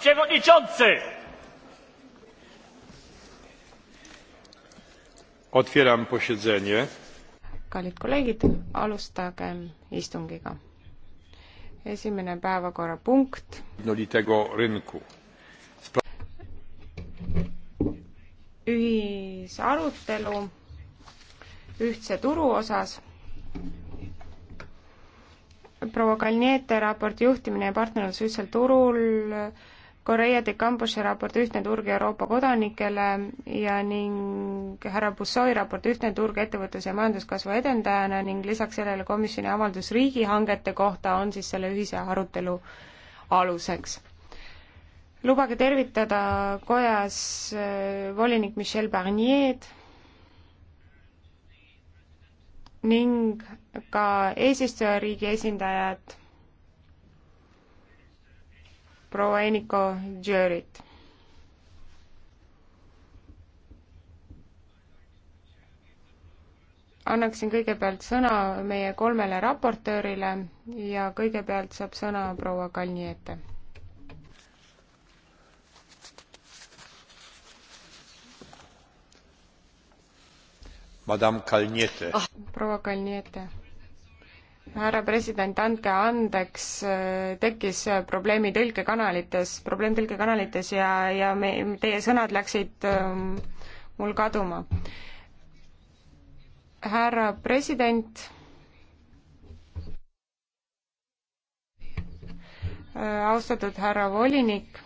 przewodniczący! Otwieram posiedzenie. Kallid kolleegid, alustagem istungiga. Esimene päevakorrapunkt. Nolitego rynku. Ühisarutelu ühtse turu osas proua Kalniete raporti juhtimine ja partnerlus ühtsel turul Korea de Cambusi raport Ühtne turg Euroopa kodanikele ja ning härra Bussoi raport Ühtne turg ettevõtluse ja majanduskasvu edendajana ning lisaks sellele komisjoni avaldus riigihangete kohta on siis selle ühise arutelu aluseks. lubage tervitada kojas äh, volinik Michel Barnier'd ning ka eesistujariigi esindajat proua Eniko Djörit. annaksin kõigepealt sõna meie kolmele raportöörile ja kõigepealt saab sõna proua Kalniete. proua Kalniete härra president, andke andeks, äh, tekkis äh, probleemi tõlkekanalites, probleem tõlkekanalites ja, ja me, teie sõnad läksid ähm, mul kaduma. härra president äh,, austatud härra volinik,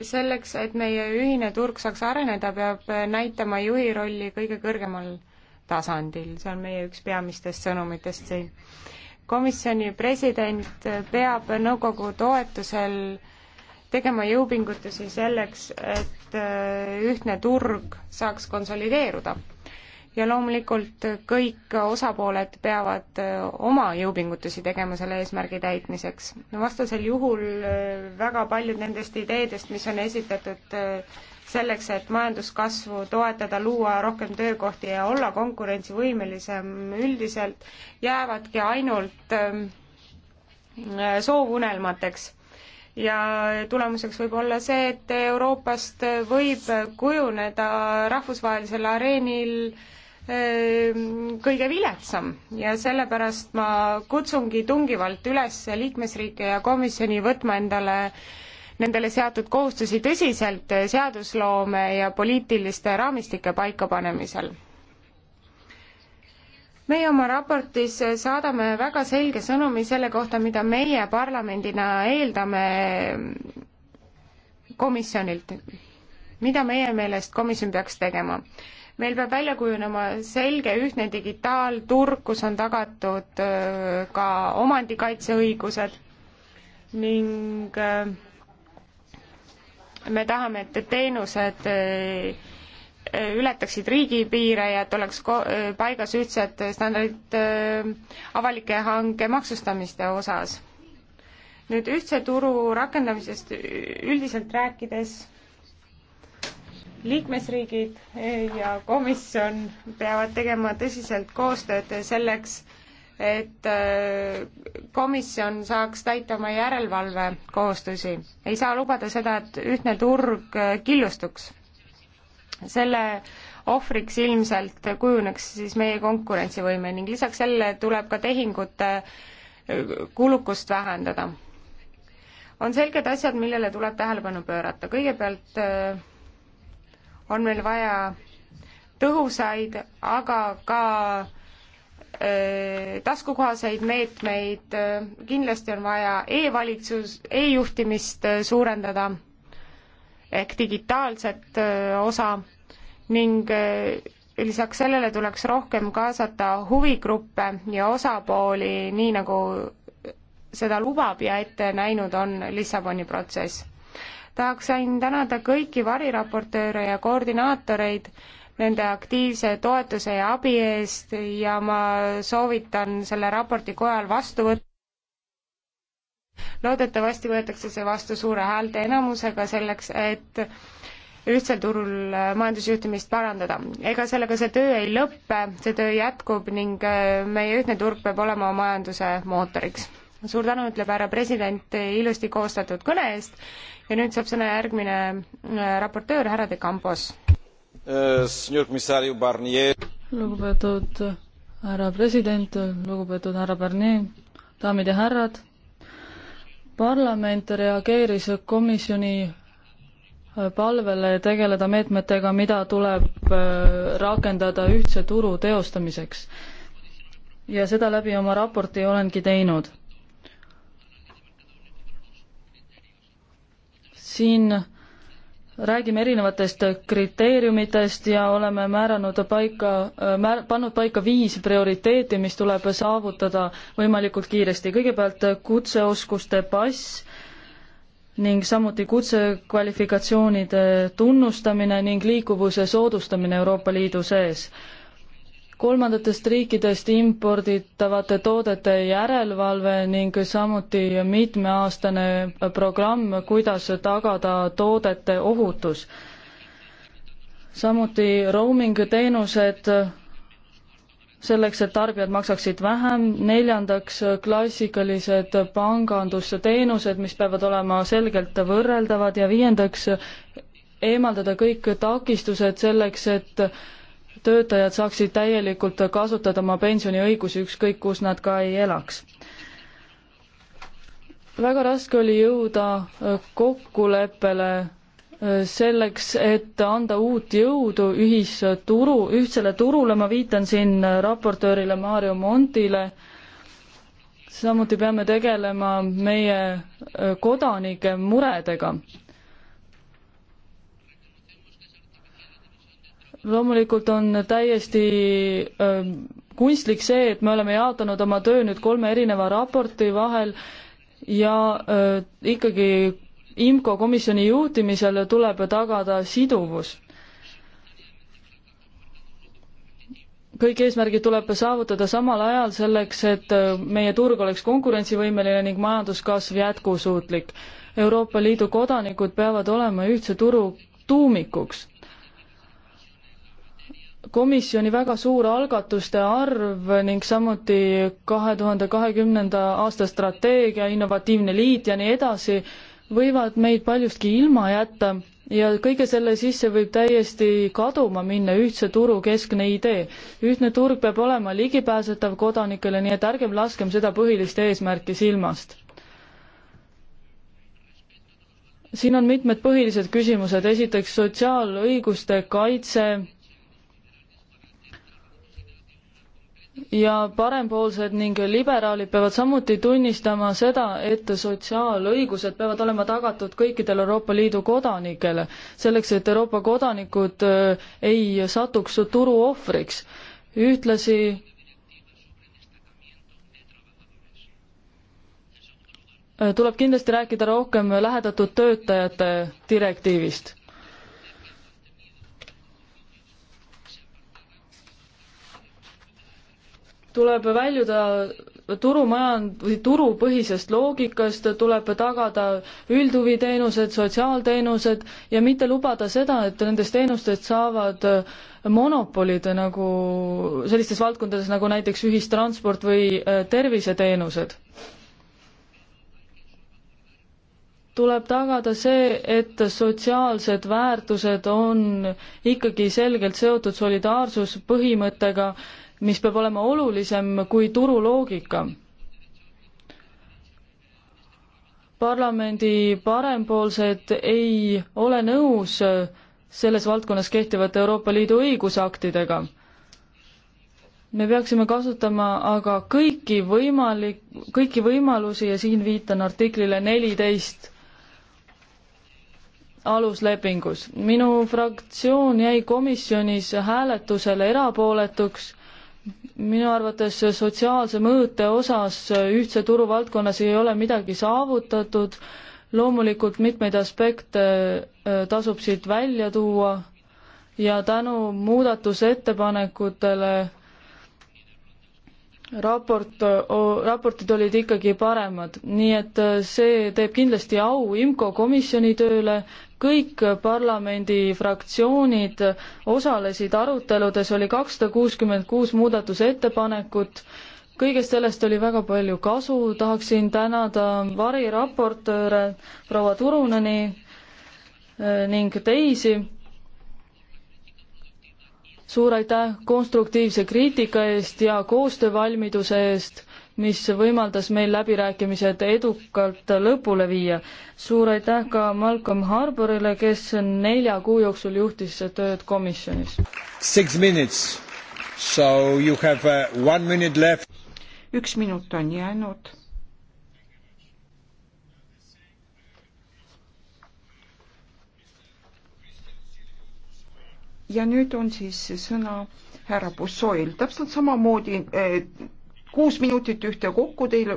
selleks, et meie ühine turg saaks areneda, peab äh, näitama juhi rolli kõige kõrgemal tasandil, see on meie üks peamistest sõnumitest siin komisjoni president peab nõukogu toetusel tegema jõupingutusi selleks, et äh, ühtne turg saaks konsolideeruda. ja loomulikult kõik osapooled peavad äh, oma jõupingutusi tegema selle eesmärgi täitmiseks. vastasel juhul äh, väga paljud nendest ideedest, mis on esitatud selleks, et majanduskasvu toetada, luua rohkem töökohti ja olla konkurentsivõimelisem üldiselt, jäävadki ainult ähm, äh, soovunelmateks. ja tulemuseks võib olla see, et Euroopast võib kujuneda rahvusvahelisel areenil ähm, kõige viletsam ja sellepärast ma kutsungi tungivalt üles liikmesriike ja komisjoni võtma endale äh, nendele seatud kohustusi tõsiselt seadusloome ja poliitiliste raamistike paikapanemisel. meie oma raportis saadame väga selge sõnumi selle kohta, mida meie parlamendina eeldame komisjonilt, mida meie meelest komisjon peaks tegema meil peab välja kujunema selge ühtne digitaalturg, kus on tagatud äh, ka omandikaitseõigused ning äh, me tahame, et teenused äh, ületaksid riigipiire ja et oleks äh, paigas ühtsed standardid äh, avalike hanke maksustamiste osas. nüüd ühtse turu rakendamisest üldiselt rääkides, liikmesriigid ja komisjon peavad tegema tõsiselt koostööd selleks, et äh, komisjon saaks täita oma järelevalvekohustusi. ei saa lubada seda, et ühtne turg äh, killustuks. selle ohvriks ilmselt kujuneks siis meie konkurentsivõime ning lisaks sellele tuleb ka tehingute äh, kulukust vähendada. on selged asjad, millele tuleb tähelepanu pöörata. kõigepealt on meil vaja tõhusaid, aga ka Äh, taskukohaseid meetmeid, äh, kindlasti on vaja e-valitsus e, e-juhtimist äh, suurendada ehk digitaalset osa ning lisaks sellele tuleks rohkem kaasata huvigruppe ja osapooli, nii nagu seda lubab ja ette näinud on Lissaboni protsess. tahaksin tänada kõiki variraportööre ja koordinaatoreid, nende aktiivse toetuse ja abi eest ja ma soovitan selle raporti kojal vastu võtta. loodetavasti võetakse see vastu suure häälteenamusega selleks, et ühtsel turul majandusjuhtimist parandada. ega sellega see töö ei lõppe, see töö jätkub ning äh, meie ühtne turg peab olema majanduse mootoriks. suur tänu, ütleb härra president ilusti koostatud kõne eest ja nüüd saab sõna järgmine äh, raportöör, härra De Campos lugupeetud härra president, lugupeetud härra Barnier, daamid ja härrad. parlament reageeris komisjoni palvele tegeleda meetmetega, mida tuleb äh, rakendada ühtse turu teostamiseks. ja seda läbi oma raporti olengi teinud. siin räägime erinevatest kriteeriumitest ja oleme määranud paika, määr-, pannud paika viis prioriteeti, mis tuleb saavutada võimalikult kiiresti. kõigepealt kutseoskuste pass ning samuti kutsekvalifikatsioonide tunnustamine ning liikuvuse soodustamine Euroopa Liidu sees kolmandatest riikidest imporditavate toodete järelevalve ning samuti mitmeaastane programm, kuidas tagada toodete ohutus. samuti roaming teenused selleks, et tarbijad maksaksid vähem, neljandaks klassikalised pangandusteenused, mis peavad olema selgelt võrreldavad ja viiendaks eemaldada kõik takistused selleks, et töötajad saaksid täielikult kasutada oma pensioniõigusi, ükskõik kus nad ka ei elaks. väga raske oli jõuda äh, kokkuleppele äh, selleks, et anda uut jõudu ühisturu, ühtsele turule, ma viitan siin äh, raportöörile Mario Montile, samuti peame tegelema meie kodanike muredega loomulikult on täiesti äh, kunstlik see, et me oleme jaotanud oma töö nüüd kolme erineva raporti vahel ja äh, ikkagi IMCO komisjoni juhtimisel tuleb tagada siduvus. kõik eesmärgid tuleb saavutada samal ajal selleks, et äh, meie turg oleks konkurentsivõimeline ning majanduskasv jätkusuutlik. Euroopa Liidu kodanikud peavad olema ühtse turu tuumikuks komisjoni väga suur algatuste arv ning samuti kahe tuhande kahekümnenda aasta strateegia, innovatiivne liit ja nii edasi, võivad meid paljustki ilma jätta ja kõige selle sisse võib täiesti kaduma minna ühtse turu keskne idee. ühtne turg peab olema ligipääsetav kodanikele, nii et ärgem laskem seda põhilist eesmärki silmast. siin on mitmed põhilised küsimused, esiteks sotsiaalõiguste kaitse ja parempoolsed ning liberaalid peavad samuti tunnistama seda, et sotsiaalõigused peavad olema tagatud kõikidele Euroopa Liidu kodanikele, selleks et Euroopa kodanikud äh, ei satuks turu ohvriks. ühtlasi tuleb kindlasti rääkida rohkem lähedatud töötajate direktiivist tuleb väljuda turumajand- või turupõhisest loogikast, tuleb tagada üldhuviteenused, sotsiaalteenused ja mitte lubada seda, et nendest teenustest saavad monopolid nagu sellistes valdkondades nagu näiteks ühistransport või äh, terviseteenused. tuleb tagada see, et sotsiaalsed väärtused on ikkagi selgelt seotud solidaarsuspõhimõttega mis peab olema olulisem kui turuloogika. parlamendi parempoolsed ei ole nõus selles valdkonnas kehtivate Euroopa Liidu õigusaktidega. me peaksime kasutama aga kõiki võimalik, kõiki võimalusi ja siin viitan artiklile neliteist aluslepingus. minu fraktsioon jäi komisjonis hääletusel erapooletuks minu arvates sotsiaalse mõõte osas ühtse turu valdkonnas ei ole midagi saavutatud, loomulikult mitmeid aspekte äh, tasub siit välja tuua ja tänu muudatusettepanekutele raport, raportid olid ikkagi paremad, nii et äh, see teeb kindlasti au IMCO komisjoni tööle, kõik parlamendifraktsioonid osalesid aruteludes, oli kakssada kuuskümmend kuus muudatusettepanekut, kõigest sellest oli väga palju kasu, tahaksin tänada variraportööre proua Turuneni äh, ning teisi suur aitäh konstruktiivse kriitika eest ja koostöövalmiduse eest, mis võimaldas meil läbirääkimised edukalt lõpule viia. suur aitäh ka Malcolm Harbourile, kes nelja kuu jooksul juhtis tööd komisjonis. Uh, üks minut on jäänud ja nüüd on siis sõna härra Bussoil, täpselt samamoodi eh, kuus minutit ühtekokku teil.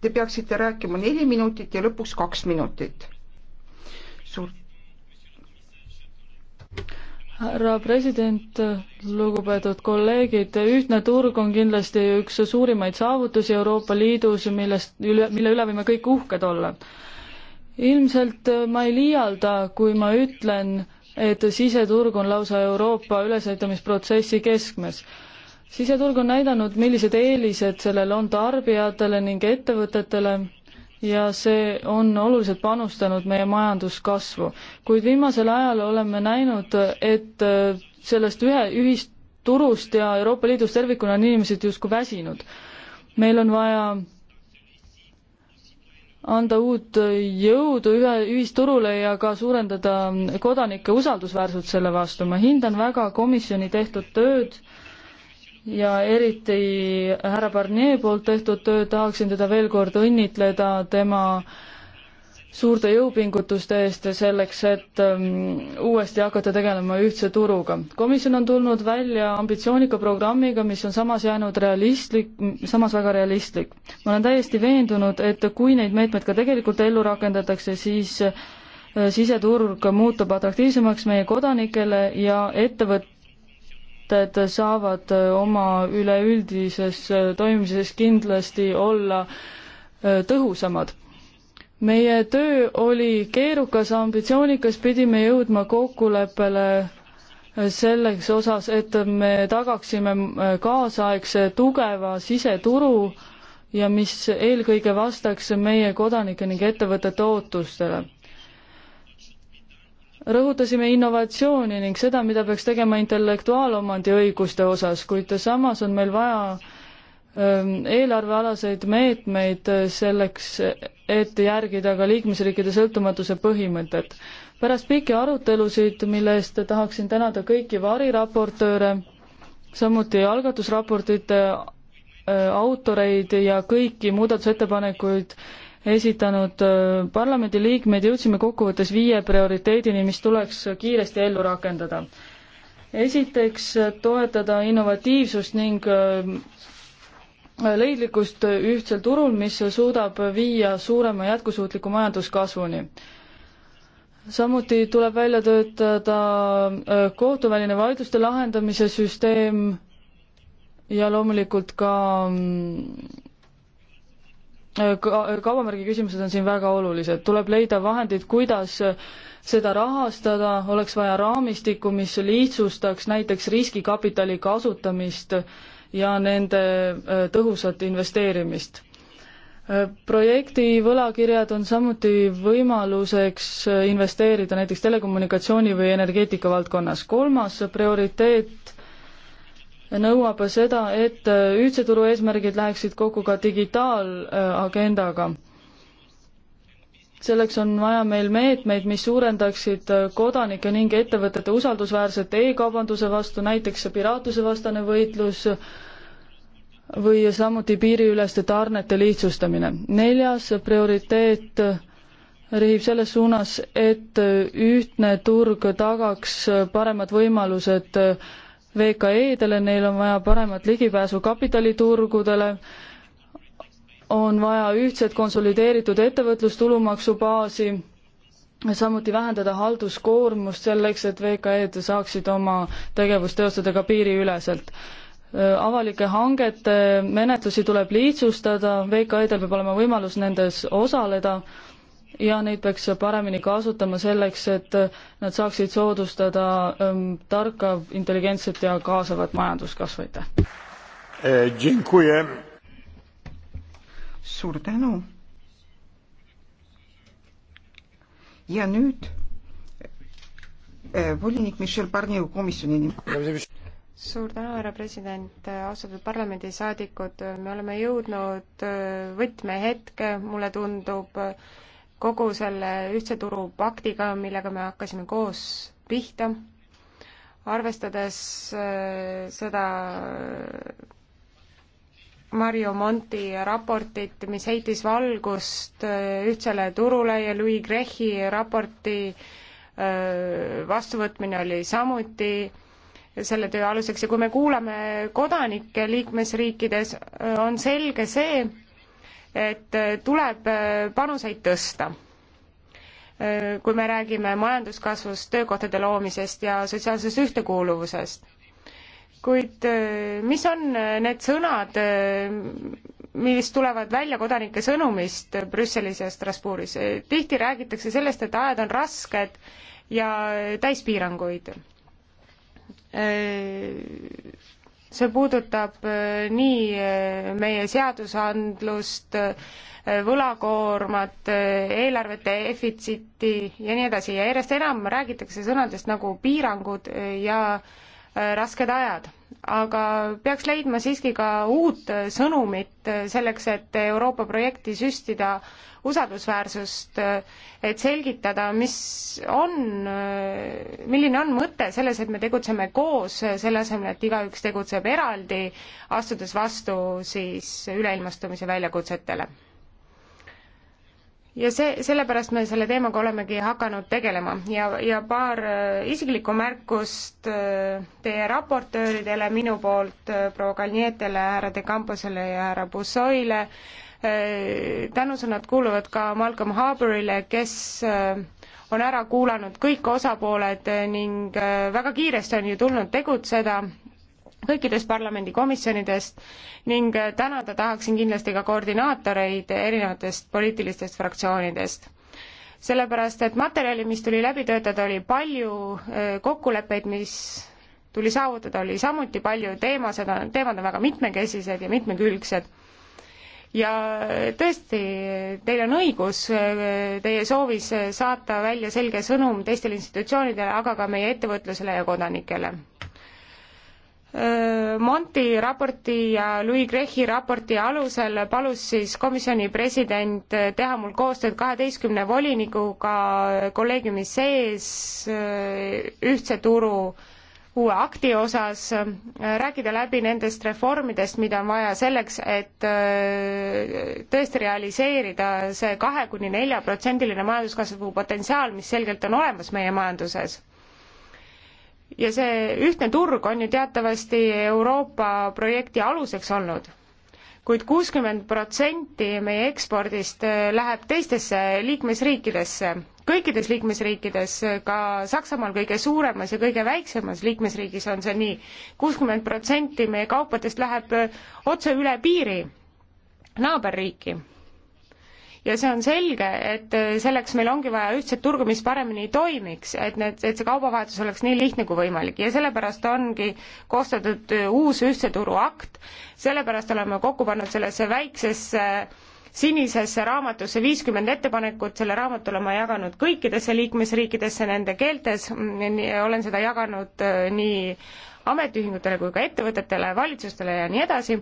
Te peaksite rääkima neli minutit ja lõpuks kaks minutit. suur. härra president, lugupeetud kolleegid, ühtne turg on kindlasti üks suurimaid saavutusi Euroopa Liidus, millest, mille üle võime kõik uhked olla. ilmselt ma ei liialda, kui ma ütlen, et siseturg on lausa Euroopa ülesehitamisprotsessi keskmes. siseturg on näidanud, millised eelised sellel on tarbijatele ning ettevõtetele ja see on oluliselt panustanud meie majanduskasvu. kuid viimasel ajal oleme näinud, et äh, sellest ühe, ühisturust ja Euroopa Liidust tervikuna on inimesed justkui väsinud. meil on vaja anda uut jõudu ühe, ühisturule ja ka suurendada kodanike usaldusväärsust selle vastu. ma hindan väga komisjoni tehtud tööd ja eriti härra Barnier poolt tehtud tööd, tahaksin teda veel kord õnnitleda tema äh, suurte jõupingutuste eest selleks, et ähm, uuesti hakata tegelema ühtse turuga. komisjon on tulnud välja ambitsioonika programmiga, mis on samas jäänud realistlik, samas väga realistlik. ma olen täiesti veendunud, et kui neid meetmeid ka tegelikult ellu rakendatakse, siis äh, siseturg muutub atraktiivsemaks meie kodanikele ja ettevõtted saavad äh, oma üleüldises äh, toimimises kindlasti olla tõhusamad meie töö oli keerukas, ambitsioonikas, pidime jõudma kokkuleppele selleks osas, et me tagaksime kaasaegse tugeva siseturu ja mis eelkõige vastaks meie kodanike ning ettevõtete ootustele. rõhutasime innovatsiooni ning seda, mida peaks tegema intellektuaalomandi õiguste osas, kuid samas on meil vaja ähm, eelarvealaseid meetmeid selleks, et järgida ka liikmesriikide sõltumatuse põhimõtet. pärast pikki arutelusid, mille eest tahaksin tänada kõiki variraportööre, samuti algatusraportite äh, autoreid ja kõiki muudatusettepanekuid esitanud äh, parlamendiliikmeid, jõudsime kokkuvõttes viie prioriteedini, mis tuleks kiiresti ellu rakendada esiteks toetada innovatiivsust ning äh, leidlikkust ühtsel turul, mis suudab viia suurema jätkusuutliku majanduskasvuni. samuti tuleb välja töötada äh, kohtuväline vaidluste lahendamise süsteem ja loomulikult ka mm, äh, ka äh, kaubamärgi küsimused on siin väga olulised, tuleb leida vahendid, kuidas seda rahastada, oleks vaja raamistikku, mis lihtsustaks näiteks riskikapitali kasutamist äh, ja nende äh, tõhusat investeerimist. Äh, projekti võlakirjad on samuti võimaluseks äh, investeerida näiteks telekommunikatsiooni või energeetika valdkonnas. kolmas prioriteet nõuab seda, et ühtse turu eesmärgid läheksid kokku ka digitaalagendaga selleks on vaja meil meetmeid, mis suurendaksid äh, kodanike ning ettevõtete usaldusväärset e-kaubanduse vastu, näiteks piraatluse vastane võitlus või samuti piiriüleste tarnete lihtsustamine. neljas prioriteet äh, rihib selles suunas, et äh, ühtne turg tagaks paremad võimalused VKE-dele, neil on vaja paremat ligipääsu kapitaliturgudele, on vaja ühtset konsolideeritud ettevõtlustulumaksu baasi, samuti vähendada halduskoormust selleks, et VKE-d saaksid oma tegevust teostada ka piiriüleselt avalike hangete menetlusi tuleb lihtsustada, VKE-del peab olema võimalus nendes osaleda ja neid peaks paremini kasutama selleks, et nad saaksid soodustada ähm, tarka, intelligentset ja kaasavat majanduskasvu, aitäh! Eh, suur tänu. ja nüüd äh, volinik Michel Barnier komisjoni nimel. suur tänu, härra president, austatud parlamendisaadikud, me oleme jõudnud eh, võtmehetke, mulle tundub, kogu selle ühtse turu paktiga, millega me hakkasime koos pihta, arvestades äh, seda Mario Monti raportit, mis heitis valgust äh, ühtsele turule ja Louis Grechi raporti äh, vastuvõtmine oli samuti selle töö aluseks ja kui me kuulame kodanikke liikmesriikides, äh, on selge see, et tuleb panuseid tõsta. kui me räägime majanduskasvust, töökohtade loomisest ja sotsiaalsest ühtekuuluvusest kuid äh, mis on äh, need sõnad, äh, mis tulevad välja kodanike sõnumist Brüsselis ja Strasbourgis? tihti räägitakse sellest, et ajad on rasked ja täis piiranguid. see puudutab nii meie seadusandlust, võlakoormat, eelarvete defitsiiti ja nii edasi ja järjest enam räägitakse sõnadest nagu piirangud ja äh, Äh, rasked ajad, aga peaks leidma siiski ka uut äh, sõnumit äh, selleks, et Euroopa projekti süstida usaldusväärsust, et selgitada, mis on, milline on mõte selles, et me tegutseme koos, selle asemel, et igaüks tegutseb eraldi, astudes vastu siis üleilmastumise väljakutsetele ja see, sellepärast me selle teemaga olemegi hakanud tegelema ja, ja paar äh, isiklikku märkust äh, teie raportööridele minu poolt, äh, proua Kalnietele, härra De Camposele ja härra Bussoile. tänusõnad kuuluvad ka Malcolm Harbourile, kes on ära kuulanud kõik osapooled ning väga kiiresti on ju tulnud tegutseda kõikidest parlamendikomisjonidest ning tänada tahaksin kindlasti ka koordinaatoreid erinevatest poliitilistest fraktsioonidest sellepärast, et materjali, mis tuli läbi töötada, oli palju, kokkuleppeid, mis tuli saavutada, oli samuti palju, teemased on, teemad on väga mitmekesised ja mitmekülgsed. ja tõesti, teil on õigus teie soovis saata välja selge sõnum teistele institutsioonidele, aga ka meie ettevõtlusele ja kodanikele Äh, Monti raporti ja Louis Grechi raporti alusel palus siis komisjoni president äh, teha mul koostööd kaheteistkümne volinikuga kolleegiumi sees äh, ühtse turu uue akti osas, rääkida läbi nendest reformidest, mida on vaja selleks, et tõesti realiseerida see kahe kuni nelja protsendiline majanduskasvu potentsiaal, mis selgelt on olemas meie majanduses ja see ühtne turg on ju teatavasti Euroopa projekti aluseks olnud kuid, kuid kuuskümmend protsenti meie ekspordist äh, läheb teistesse liikmesriikidesse, kõikides liikmesriikides, ka Saksamaal kõige suuremas ja kõige väiksemas liikmesriigis on see nii. kuuskümmend protsenti meie kaupadest läheb äh, otse üle piiri naaberriiki ja see on selge, et selleks meil ongi vaja ühtset turgu, mis paremini toimiks, et need, et see kaubavahetus oleks nii lihtne kui võimalik ja sellepärast ongi koostatud uus ühtse turu akt, sellepärast oleme kokku pannud sellesse väiksesse sinisesse raamatusse viiskümmend ettepanekut, selle raamatu olen ma jaganud kõikidesse liikmesriikidesse nende keeltes, olen seda jaganud äh, nii ametiühingutele kui ka ettevõtetele, valitsustele ja nii edasi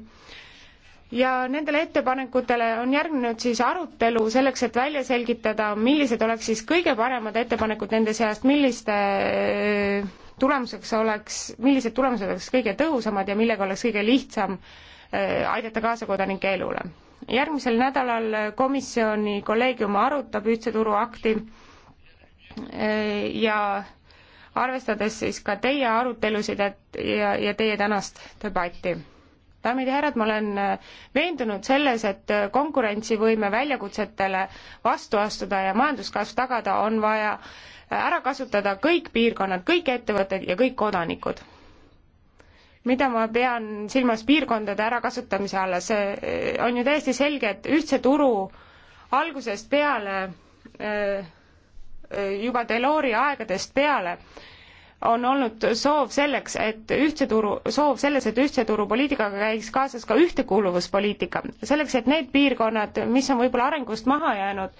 ja nendele ettepanekutele on järgnenud siis arutelu selleks, et välja selgitada, millised oleks siis kõige paremad ettepanekud nende seast, milliste äh, tulemuseks oleks, millised tulemused oleks kõige tõhusamad ja millega oleks kõige lihtsam äh, aidata kaasa kodanike elule. järgmisel nädalal komisjoni kolleegium arutab ühtse turu akti äh, ja arvestades siis ka teie arutelusid, et ja, ja teie tänast debatti daamid ja härrad, ma olen äh, veendunud selles, et äh, konkurentsivõime väljakutsetele vastu astuda ja majanduskasv tagada, on vaja äh, ära kasutada kõik piirkonnad, kõik ettevõtted ja kõik kodanikud. mida ma pean silmas piirkondade ärakasutamise alla, see on ju täiesti selge, et ühtse turu algusest peale, juba Delori aegadest peale, on olnud soov selleks, et ühtse turu, soov selles, et ühtse turupoliitikaga käiks kaasas ka ühtekuuluvuspoliitika. selleks, et need piirkonnad, mis on võib-olla arengust maha jäänud,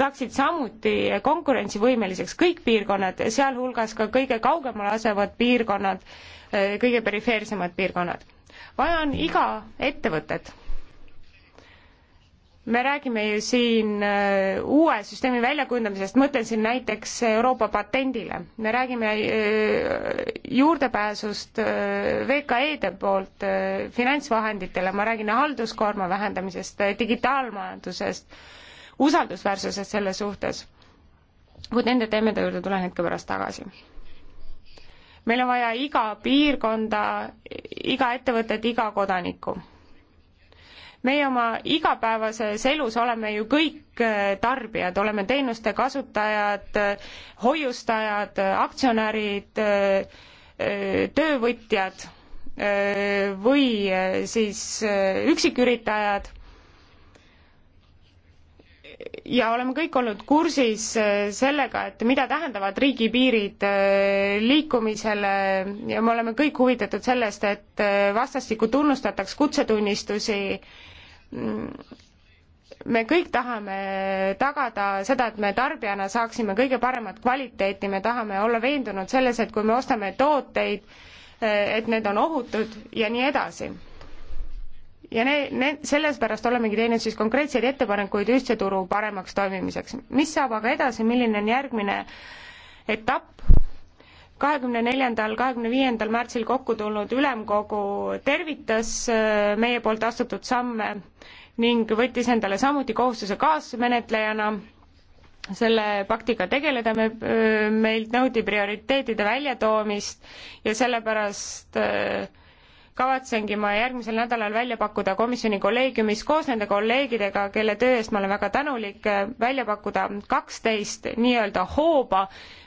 saaksid samuti konkurentsivõimeliseks, kõik piirkonnad, sealhulgas ka kõige kaugemal asuvad piirkonnad, kõige perifeersemad piirkonnad. vaja on iga ettevõtet me räägime ju siin äh, uue süsteemi väljakujundamisest, mõtlen siin näiteks Euroopa patendile. me räägime äh, juurdepääsust äh, VKE-de poolt finantsvahenditele, ma räägin halduskoorma vähendamisest, digitaalmajandusest, usaldusväärsusest selle suhtes. kuid nende teemade juurde tulen hetke pärast tagasi meil on vaja iga piirkonda, iga ettevõtet, iga kodanikku meie oma igapäevases elus oleme ju kõik äh, tarbijad, oleme teenuste kasutajad, äh, hoiustajad, äh, aktsionärid, töövõtjad või siis üksiküritajad. ja oleme kõik olnud kursis sellega, et mida tähendavad riigipiirid liikumisele ja me oleme kõik huvitatud sellest, et vastastikku tunnustataks kutsetunnistusi Mm, me kõik tahame tagada seda, et me tarbijana saaksime kõige paremat kvaliteeti, me tahame olla veendunud selles, et kui me ostame tooteid, eh, et need on ohutud ja nii edasi. ja ne-, ne-, sellepärast olemegi teinud siis konkreetseid ettepanekuid ühtse turu paremaks toimimiseks. mis saab aga edasi, milline on järgmine etapp, kahekümne neljandal, kahekümne viiendal märtsil kokku tulnud ülemkogu tervitas äh, meie poolt astutud samme ning võttis endale samuti kohustuse kaasmenetlejana selle paktiga tegeleda, me, äh, meilt nõuti prioriteetide väljatoomist ja sellepärast äh, kavatsengi ma järgmisel nädalal välja pakkuda komisjoni kolleegiumis koos nende kolleegidega, kelle töö eest ma olen väga tänulik, välja pakkuda kaksteist nii-öelda hooba,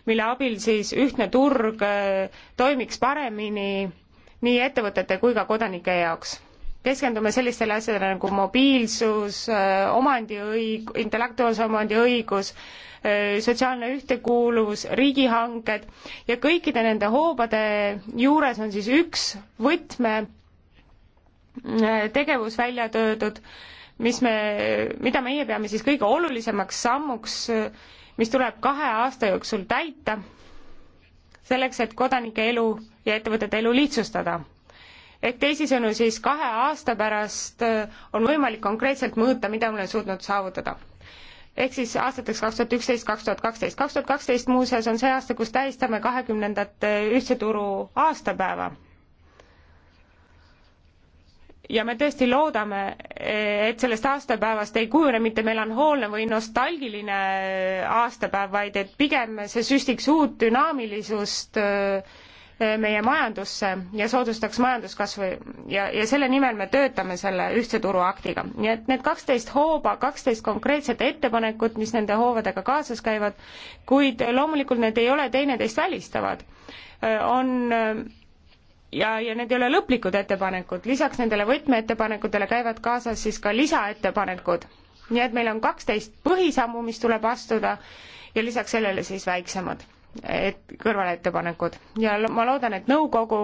mille abil siis ühtne turg äh, toimiks paremini nii ettevõtete kui ka kodanike jaoks keskendume sellistele asjadele nagu mobiilsus, omandiõig-, intellektuaalse omandi õigus, sotsiaalne ühtekuuluvus, riigihanked ja kõikide nende hoobade juures on siis üks võtme tegevus välja töödud, mis me, mida meie peame siis kõige olulisemaks sammuks, mis tuleb kahe aasta jooksul täita, selleks et kodanike elu ja ettevõtete elu lihtsustada et teisisõnu siis kahe aasta pärast äh, on võimalik konkreetselt mõõta, mida me oleme suutnud saavutada. ehk siis aastateks kaks tuhat üksteist, kaks tuhat kaksteist. kaks tuhat kaksteist muuseas on see aasta, kus tähistame kahekümnendat äh, ühtse turu aastapäeva. ja me tõesti loodame, äh, et sellest aastapäevast ei kujune mitte melanhoolne või nostalgiline aastapäev, vaid et pigem see süstiks uut dünaamilisust äh, meie majandusse ja soodustaks majanduskasvu ja, ja selle nimel me töötame selle ühtse turuaktiga. nii et need kaksteist hooba, kaksteist konkreetset ettepanekut, mis nende hoovadega kaasas käivad, kuid loomulikult need ei ole teineteist välistavad, on ja, ja need ei ole lõplikud ettepanekud, lisaks nendele võtmeettepanekutele käivad kaasas siis ka lisaettepanekud. nii et meil on kaksteist põhisammu, mis tuleb astuda ja lisaks sellele siis väiksemad et kõrvalettepanekud ja ma loodan, et nõukogu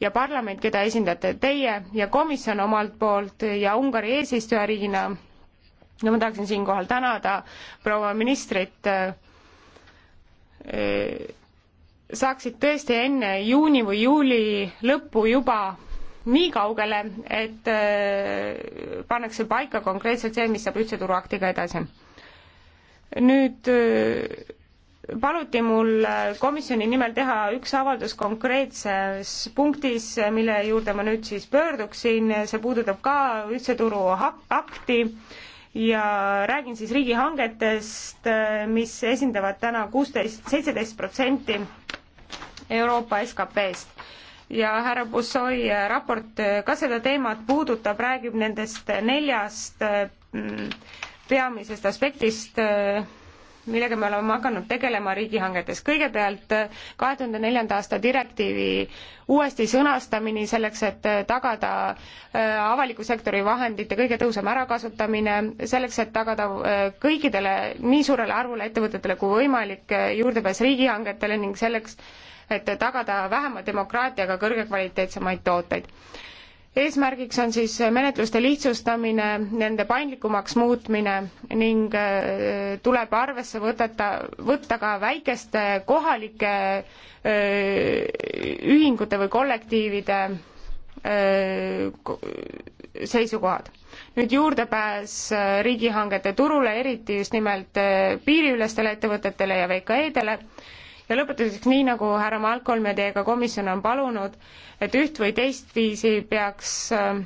ja parlament, keda esindate teie ja komisjon omalt poolt ja Ungari eesistujariigina ja ma tahaksin siinkohal tänada proua ministrit, äh, saaksid tõesti enne juuni või juuli lõppu juba nii kaugele, et äh, pannakse paika konkreetselt see, mis saab ühtse turuaktiga edasi. nüüd äh, paluti mul äh, komisjoni nimel teha üks avaldus konkreetses punktis, mille juurde ma nüüd siis pöörduksin, see puudutab ka ühtse turu akti ja räägin siis riigihangetest, äh, mis esindavad täna kuusteist, seitseteist protsenti Euroopa SKP-st. ja härra Bussoi äh, raport ka seda teemat puudutab, räägib nendest neljast mm, peamisest aspektist, millega me oleme hakanud tegelema riigihangetes. kõigepealt äh, kahe tuhande neljanda aasta direktiivi uuesti sõnastamine selleks, et äh, tagada äh, avaliku sektori vahendite kõige tõhusam ärakasutamine, selleks, et tagada kõikidele, nii suurele arvule ettevõtetele kui võimalik juurdepääs riigihangetele ning selleks, et tagada vähema demokraatiaga kõrgekvaliteetsemaid tooteid eesmärgiks on siis menetluste lihtsustamine, nende paindlikumaks muutmine ning äh, tuleb arvesse võteta, võtta ka väikeste kohalike äh, ühingute või kollektiivide äh, seisukohad. nüüd juurdepääs riigihangete turule, eriti just nimelt piiriülestele ettevõtetele ja VKE-dele ja lõpetuseks, nii nagu härra Malcolm ja teiega komisjon on palunud, et üht või teistviisi peaks äh,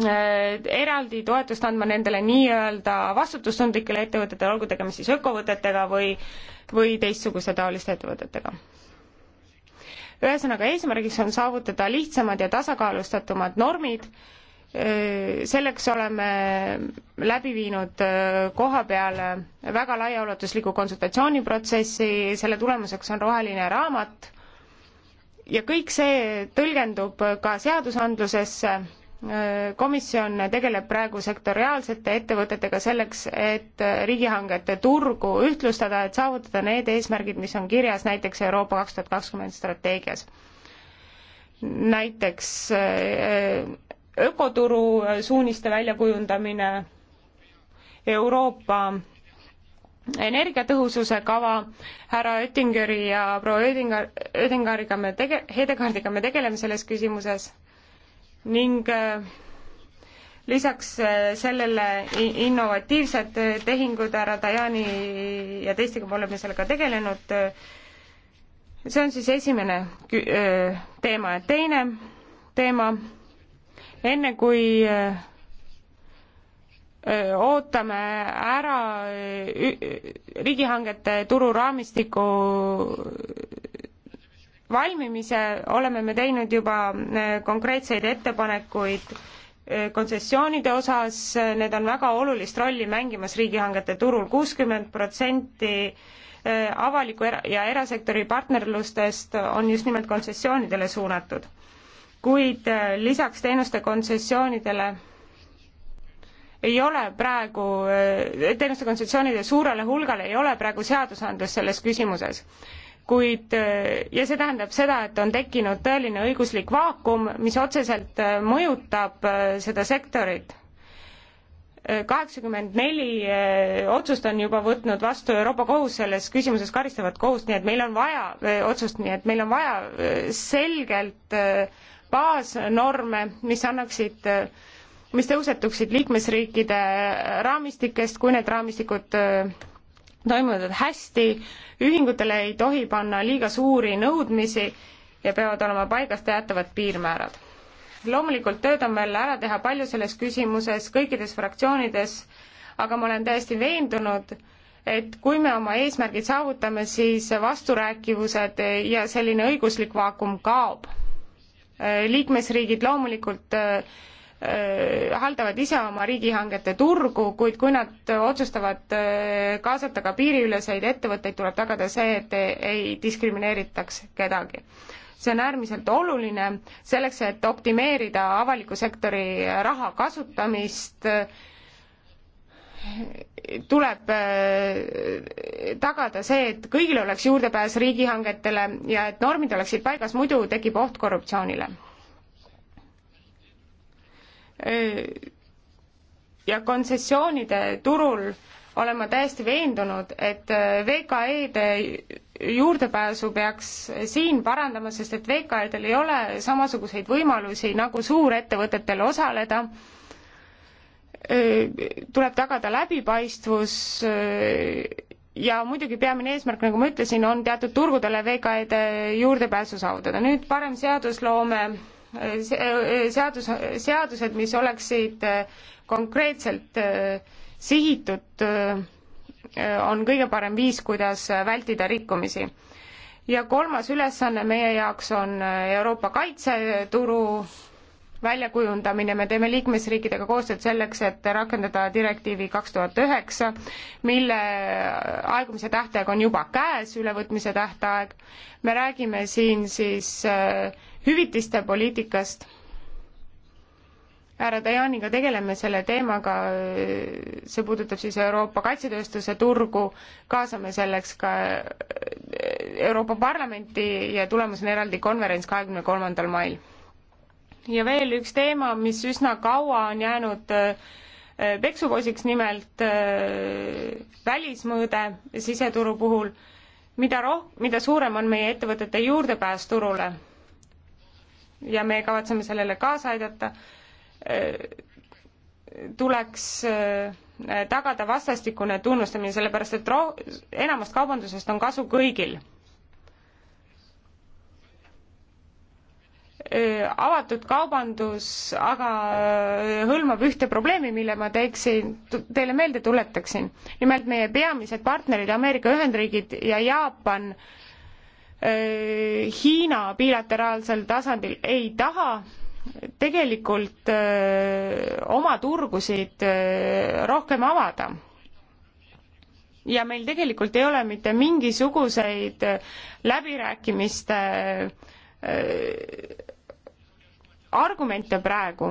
äh, eraldi toetust andma nendele nii-öelda vastutustundlikele ettevõtetele, olgu tegemist siis ökovõtetega või, või teistsuguse taoliste ettevõtetega. ühesõnaga, eesmärgiks on saavutada lihtsamad ja tasakaalustatumad normid Äh, selleks oleme läbi viinud äh, koha peale väga laiaulatusliku konsultatsiooniprotsessi, selle tulemuseks on roheline raamat ja kõik see tõlgendub ka seadusandlusesse. Äh, komisjon tegeleb praegu sektoriaalsete ettevõtetega selleks, et riigihangete turgu ühtlustada, et saavutada need eesmärgid, mis on kirjas näiteks Euroopa kaks tuhat kakskümmend strateegias. näiteks ökoturu äh, suuniste väljakujundamine, Euroopa energiatõhususe kava, härra Oettingeri ja proua Oettingar, Oettingariga me tege-, Hedegaardiga me tegeleme selles küsimuses ning äh, lisaks äh, sellele innovatiivsed tehingud härra Tajani ja teistega me oleme sellega tegelenud, see on siis esimene teema ja teine teema enne kui ootame ära riigihangete tururaamistiku valmimise, oleme me teinud juba konkreetseid ettepanekuid kontsessioonide osas, need on väga olulist rolli mängimas riigihangete turul, kuuskümmend protsenti avaliku ja erasektori partnerlustest on just nimelt kontsessioonidele suunatud kuid äh, lisaks teenuste kontsessioonidele ei ole praegu, äh, teenuste kontsessioonide suurele hulgale ei ole praegu seadusandlust selles küsimuses. kuid, äh, ja see tähendab seda, et on tekkinud tõeline õiguslik vaakum, mis otseselt mõjutab seda sektorit kaheksakümmend neli otsust on juba võtnud vastu Euroopa Kohus selles küsimuses karistavat kohust, nii et meil on vaja öö, otsust, nii et meil on vaja selgelt baasnorme, mis annaksid mis tõusetuksid liikmesriikide raamistikest, kui need raamistikud äh, toimuvad hästi, ühingutele ei tohi panna liiga suuri nõudmisi ja peavad olema paigas teatavad piirmäärad. loomulikult tööd on veel ära teha palju selles küsimuses kõikides fraktsioonides, aga ma olen täiesti veendunud, et kui me oma eesmärgid saavutame, siis vasturääkivused ja selline õiguslik vaakum kaob Äh, liikmesriigid loomulikult äh, äh, haldavad ise oma riigihangete turgu, kuid kui nad otsustavad kaasata ka piiriüleseid ettevõtteid, tuleb tagada see, et ei diskrimineeritaks kedagi. see on äärmiselt oluline selleks, et optimeerida avaliku sektori raha kasutamist äh, tuleb äh, tagada see, et kõigil oleks juurdepääs riigihangetele ja et normid oleksid paigas, muidu tekib oht korruptsioonile. Äh, ja kontsessioonide turul olen ma täiesti veendunud, et äh, VKE-de juurdepääsu peaks siin parandama, sest et VKE-del ei ole samasuguseid võimalusi nagu suurettevõtetel osaleda Äh, tuleb tagada läbipaistvus äh, ja muidugi peamine eesmärk, nagu ma ütlesin, on teatud turgudele VKE-de juurdepääsu saavutada. nüüd parem seadusloome, äh, seadus, seadused, mis oleksid konkreetselt sihitud, on kõige parem viis, kuidas vältida rikkumisi. ja kolmas ülesanne meie jaoks on Euroopa kaitseturu väljakujundamine, me teeme liikmesriikidega koostööd selleks, et rakendada direktiivi kaks tuhat üheksa, mille aegumise tähtaeg on juba käes, ülevõtmise tähtaeg, me räägime siin siis äh, hüvitiste poliitikast, härra Tajaniga tegeleme selle teemaga, äh, see puudutab siis Euroopa kaitsetööstuse turgu, kaasame selleks ka äh, Euroopa Parlamenti ja tulemas on eraldi konverents kahekümne kolmandal mail ja veel üks teema, mis üsna kaua on jäänud äh, peksupoisiks, nimelt äh, välismõõde siseturu puhul, mida roh-, mida suurem on meie ettevõtete juurdepääs turule ja me kavatseme sellele kaasa aidata, äh, tuleks tagada vastastikune tunnustamine, sellepärast et ro-, enamast kaubandusest on kasu kõigil Äh, avatud kaubandus aga äh, hõlmab ühte probleemi, mille ma teeksin, teile meelde tuletaksin. nimelt meie peamised partnerid Ameerika Ühendriigid ja Jaapan äh, Hiina bilateraalsel tasandil ei taha tegelikult öö, oma turgusid öö, rohkem avada. ja meil tegelikult ei ole mitte mingisuguseid läbirääkimiste öö, argumente praegu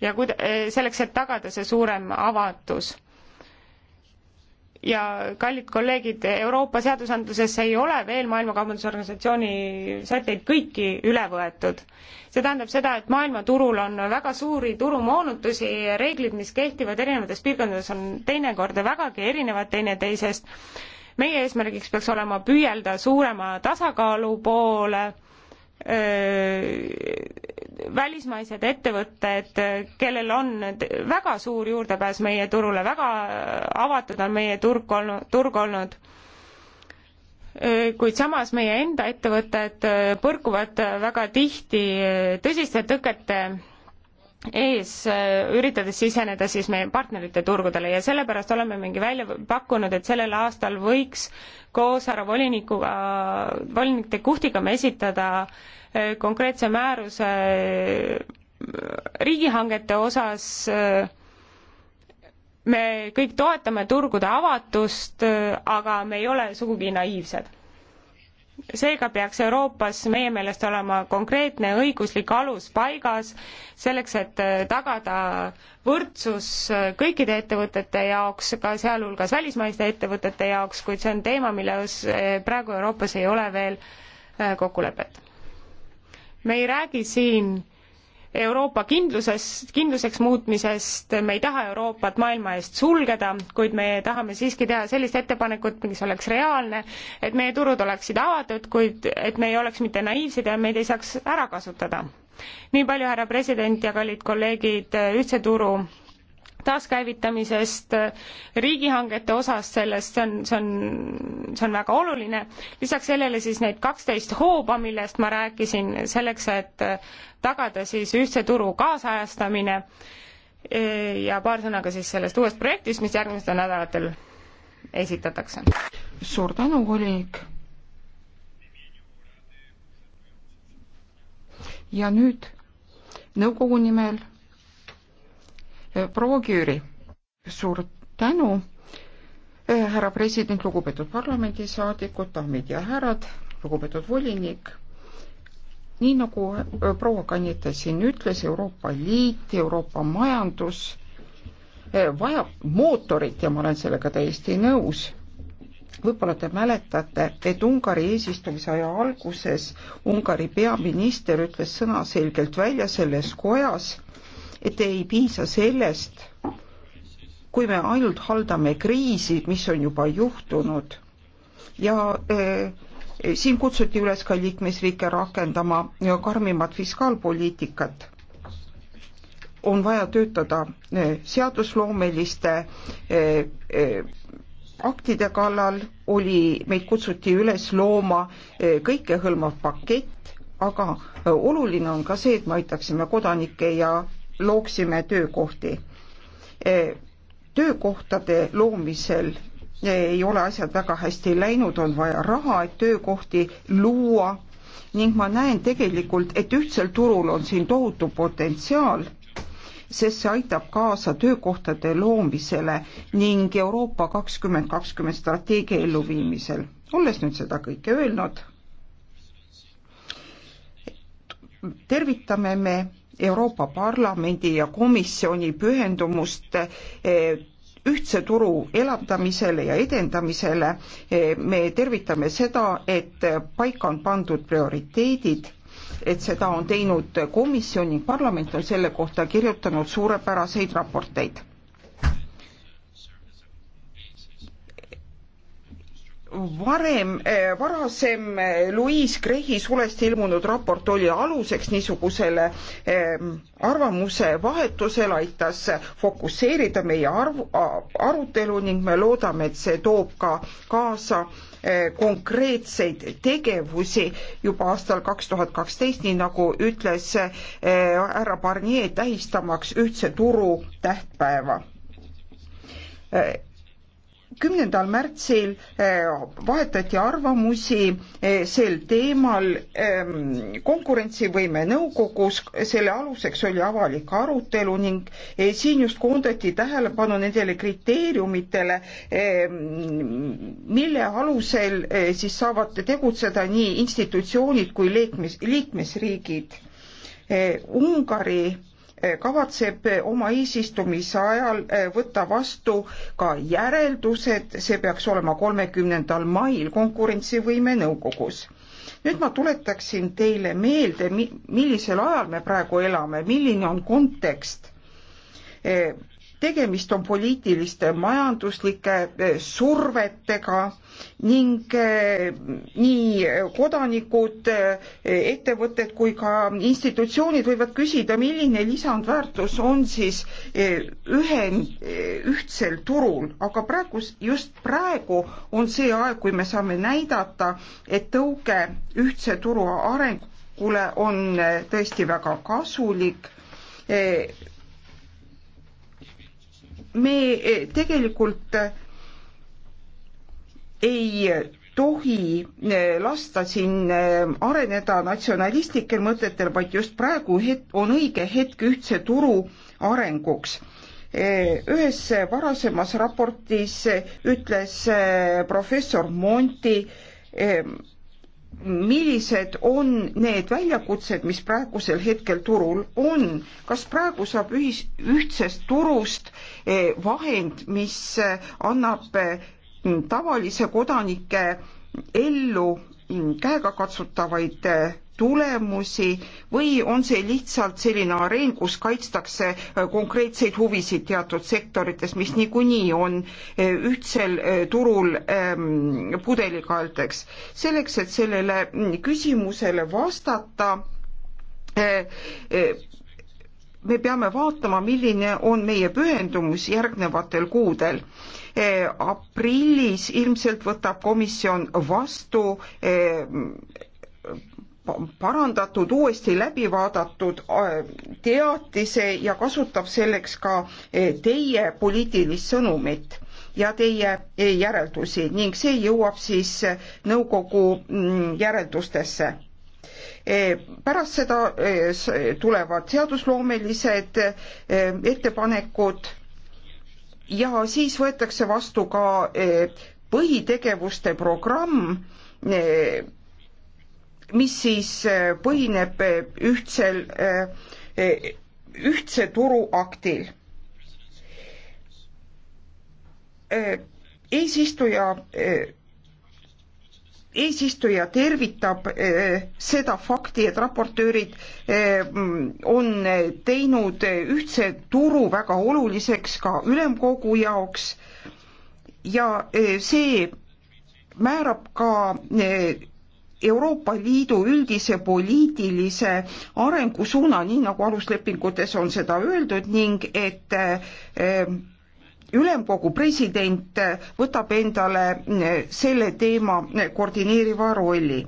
ja kuida-, selleks, et tagada see suurem avatus. ja kallid kolleegid, Euroopa seadusandluses ei ole veel Maailma Kaubandusorganisatsiooni sätteid kõiki üle võetud. see tähendab seda, et maailmaturul on väga suuri turumoonutusi, reeglid, mis kehtivad erinevates piirkondades, on teinekord vägagi erinevad teineteisest meie eesmärgiks peaks olema püüelda suurema tasakaalu poole välismaised ettevõtted, kellel on väga suur juurdepääs meie turule, väga avatud on meie turg olnud, turg olnud. kuid samas meie enda ettevõtted põrkuvad väga tihti tõsiste tõkete ees, äh, üritades siseneda siis meie partnerite turgudele ja sellepärast oleme mingi välja pakkunud, et sellel aastal võiks koos härra volinikuga, äh, volinik de Kuhtiga me esitada äh, konkreetse määruse riigihangete osas me kõik toetame turgude avatust, aga me ei ole sugugi naiivsed seega peaks Euroopas meie meelest olema konkreetne õiguslik alus paigas selleks, et äh, tagada võrdsus äh, kõikide ettevõtete jaoks, ka sealhulgas välismaiste ettevõtete jaoks, kuid see on teema, milles äh, praegu Euroopas ei ole veel kokkulepet. me ei räägi siin Euroopa kindlusest, kindluseks muutmisest, me ei taha Euroopat maailma eest sulgeda, kuid me tahame siiski teha sellist ettepanekut, mis oleks reaalne, et meie turud oleksid avatud, kuid et me ei oleks mitte naiivsed ja meid ei saaks ära kasutada. nii palju, härra president ja kallid kolleegid, ühtse turu taaskäivitamisest, riigihangete osas sellest, see on, see on, see on väga oluline. lisaks sellele siis need kaksteist hooba, millest ma rääkisin, selleks, et tagada siis ühtse turu kaasajastamine ja paar sõna ka siis sellest uuest projektist, mis järgmistel nädalatel esitatakse. suur tänu, volinik. ja nüüd nõukogu nimel Eh, proua Küüri, suur tänu, eh, härra president, lugupeetud parlamendisaadikud, daamid ja härrad, lugupeetud volinik, nii nagu eh, proua Kanjete siin ütles, Euroopa Liit, Euroopa majandus vajab mootorit ja ma olen sellega täiesti nõus võib-olla te mäletate, et Ungari eesistumise aja alguses Ungari peaminister ütles sõnaselgelt välja selles kojas, et ei piisa sellest, kui me ainult haldame kriisi, mis on juba juhtunud ja äh, siin kutsuti üles ka liikmesriike rakendama karmimat fiskaalpoliitikat. on vaja töötada eh, seadusloomeliste eh, aktide kallal, oli, meid kutsuti üles looma kõikehõlmav pakett, aga oluline on ka see, et me aitaksime kodanikke ja looksime töökohti. E, töökohtade loomisel ei ole asjad väga hästi läinud, on vaja raha, et töökohti luua ning ma näen tegelikult, et ühtsel turul on siin tohutu potentsiaal, sest see aitab kaasa töökohtade loomisele ning Euroopa kakskümmend kakskümmend strateegia elluviimisel. olles nüüd seda kõike öelnud, tervitame me Euroopa Parlamendi ja komisjoni pühendumust eh, ühtse turu elavdamisele ja edendamisele. Eh, me tervitame seda, et paika on pandud prioriteedid, et seda on teinud komisjon ning parlament on selle kohta kirjutanud suurepäraseid raporteid varem, eh, varasem eh, Louise Grehi sulest ilmunud raport oli aluseks niisugusele eh, arvamuse vahetusele, aitas fokusseerida meie arv, arutelu ning me loodame, et see toob ka kaasa konkreetseid tegevusi juba aastal kaks tuhat kaksteist, nii nagu ütles härra Barnier, tähistamaks ühtse turu tähtpäeva kümnendal märtsil eh, vahetati arvamusi eh, sel teemal eh, konkurentsivõime nõukogus, selle aluseks oli avalik arutelu ning siin just koondati tähelepanu nendele kriteeriumitele, mille alusel siis saavad tegutseda nii institutsioonid kui liikmes, liikmesriigid. Ungari kavatseb oma eesistumise ajal eh, võtta vastu ka järeldused, see peaks olema kolmekümnendal mail konkurentsivõime nõukogus. nüüd ma tuletaksin teile meelde, millisel ajal me praegu elame, milline on kontekst. Eh, tegemist on poliitiliste, majanduslike eh, survetega ning eh, nii kodanikud, eh, ettevõtted kui ka institutsioonid võivad küsida, milline lisandväärtus on siis eh, ühe, ühtsel turul, aga praegu, just praegu on see aeg, kui me saame näidata, et tõuge ühtse turu arengule on tõesti väga kasulik me tegelikult ei tohi eh, lasta siin eh, areneda natsionalistlikel mõtetel, vaid just praegu het-, on õige hetk ühtse turu arenguks. Eh, ühes varasemas raportis ütles professor Monti, millised on need väljakutsed, mis praegusel hetkel turul on, kas praegu saab ühis, ühtsest turust vahend, mis annab tavalise kodanike ellu käegakatsutavaid äh, tulemusi või on see lihtsalt selline areen, kus kaitstakse äh, konkreetseid huvisid teatud sektorites, mis niikuinii on äh, ühtsel turul ähm, pudelikaelteks. selleks, et sellele mm, küsimusele vastata, me peame vaatama, milline on meie pühendumus järgnevatel kuudel E, aprillis ilmselt võtab komisjon vastu e, parandatud, uuesti läbi vaadatud e, teatise ja kasutab selleks ka teie poliitilist sõnumit ja teie järeldusi ning see jõuab siis nõukogu mm, järeldustesse pärast seda tulevad seadusloomelised ettepanekud ja siis võetakse vastu ka eh, põhitegevuste programm, eh, mis siis eh, põhineb ühtsel, ühtse turu aktil. eesistuja eesistuja tervitab äh, seda fakti, et raportöörid äh, mm, on äh, teinud ühtse turu väga oluliseks ka ülemkogu jaoks ja see määrab ka Euroopa Liidu üldise poliitilise arengusuuna, nii nagu aluslepingutes on seda öeldud ning et ülemkogu president võtab endale eh, selle teema eh, koordineeriva rolli.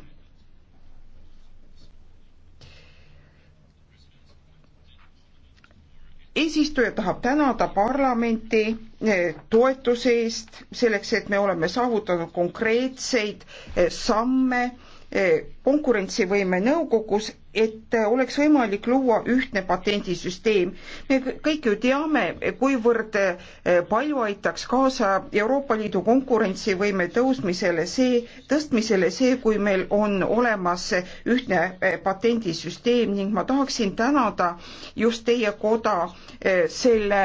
eesistuja tahab tänada parlamenti eh, toetuse eest selleks, et me oleme saavutanud konkreetseid samme Eh, konkurentsivõime nõukogus, et eh, oleks võimalik luua ühtne patendisüsteem. me kõik ju teame, kuivõrd eh, palju aitaks kaasa Euroopa Liidu konkurentsivõime tõusmisele see, tõstmisele see, kui meil on olemas ühtne patendisüsteem ning ma tahaksin tänada just teie koda selle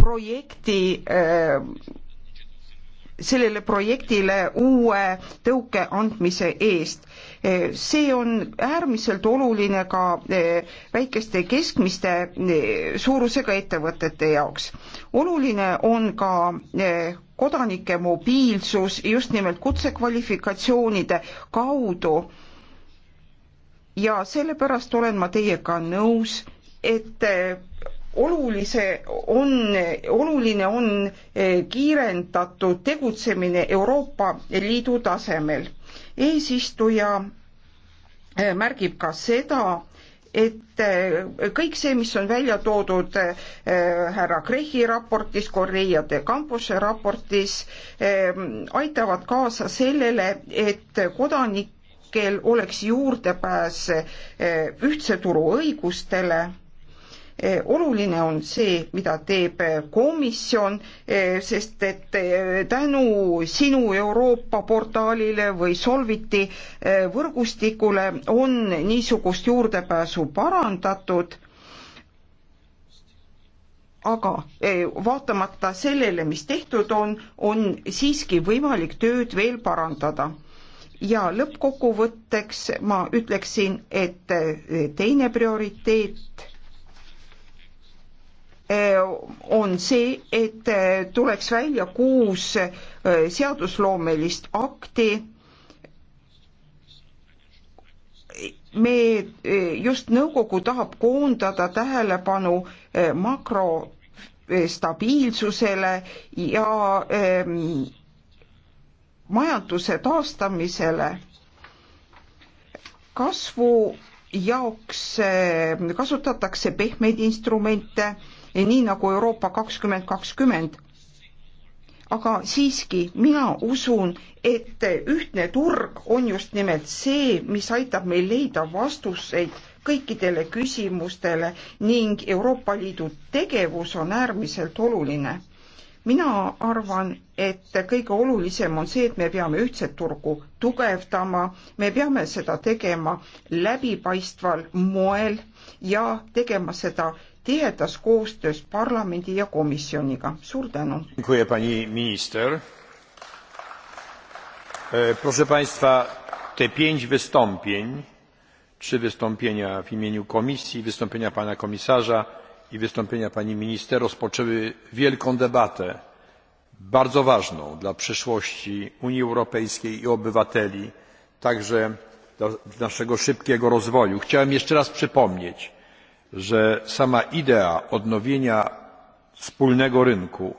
projekti sellele projektile uue tõuke andmise eest. see on äärmiselt oluline ka eh, väikeste keskmiste eh, suurusega ettevõtete jaoks. oluline on ka eh, kodanike mobiilsus just nimelt kutsekvalifikatsioonide kaudu. ja sellepärast olen ma teiega nõus, et olulise on, oluline on eh, kiirendatud tegutsemine Euroopa Liidu tasemel. eesistuja eh, märgib ka seda, et eh, kõik see, mis on välja toodud härra Krehhi raportis, Korea de Campuse raportis, aitavad kaasa sellele, et kodanikel oleks juurdepääs ühtse turu õigustele Eh, oluline on see, mida teeb eh, komisjon, eh, sest et tänu sinu Euroopa portaalile või Solviti võrgustikule on niisugust juurdepääsu parandatud aga vaatamata sellele, mis tehtud on, on siiski võimalik tööd veel parandada. ja lõppkokkuvõtteks ma ütleksin, et teine prioriteet Äh, on see, et äh, tuleks välja kuus äh, seadusloomelist akti. me just nõukogu tahab koondada tähelepanu makrostabiilsusele ja ähm, majanduse taastamisele, kasvu jaoks kasutatakse pehmeid instrumente nii nagu Euroopa kakskümmend kakskümmend. aga siiski, mina usun, et ühtne turg on just nimelt see, mis aitab meil leida vastuseid kõikidele küsimustele ning Euroopa Liidu tegevus on äärmiselt oluline. mina arvan, et kõige olulisem on see, et me peame ühtset turgu tugevdama, me peame seda tegema läbipaistval moel ja tegema seda tihedas koostöös parlamendi ja komisjoniga. suur tänu. E, proszę państwa te pięć wystąpień trzy wystąpienia w imieniu komisji wystąpienia pana komisarza i wystąpienia pani minister rozpoczęły wielką debatę bardzo ważną dla przyszłości unii europejskiej i obywateli także dla naszego szybkiego rozwoju. chciałem jeszcze raz przypomnieć że sama idea odnowienia wspólnego rynku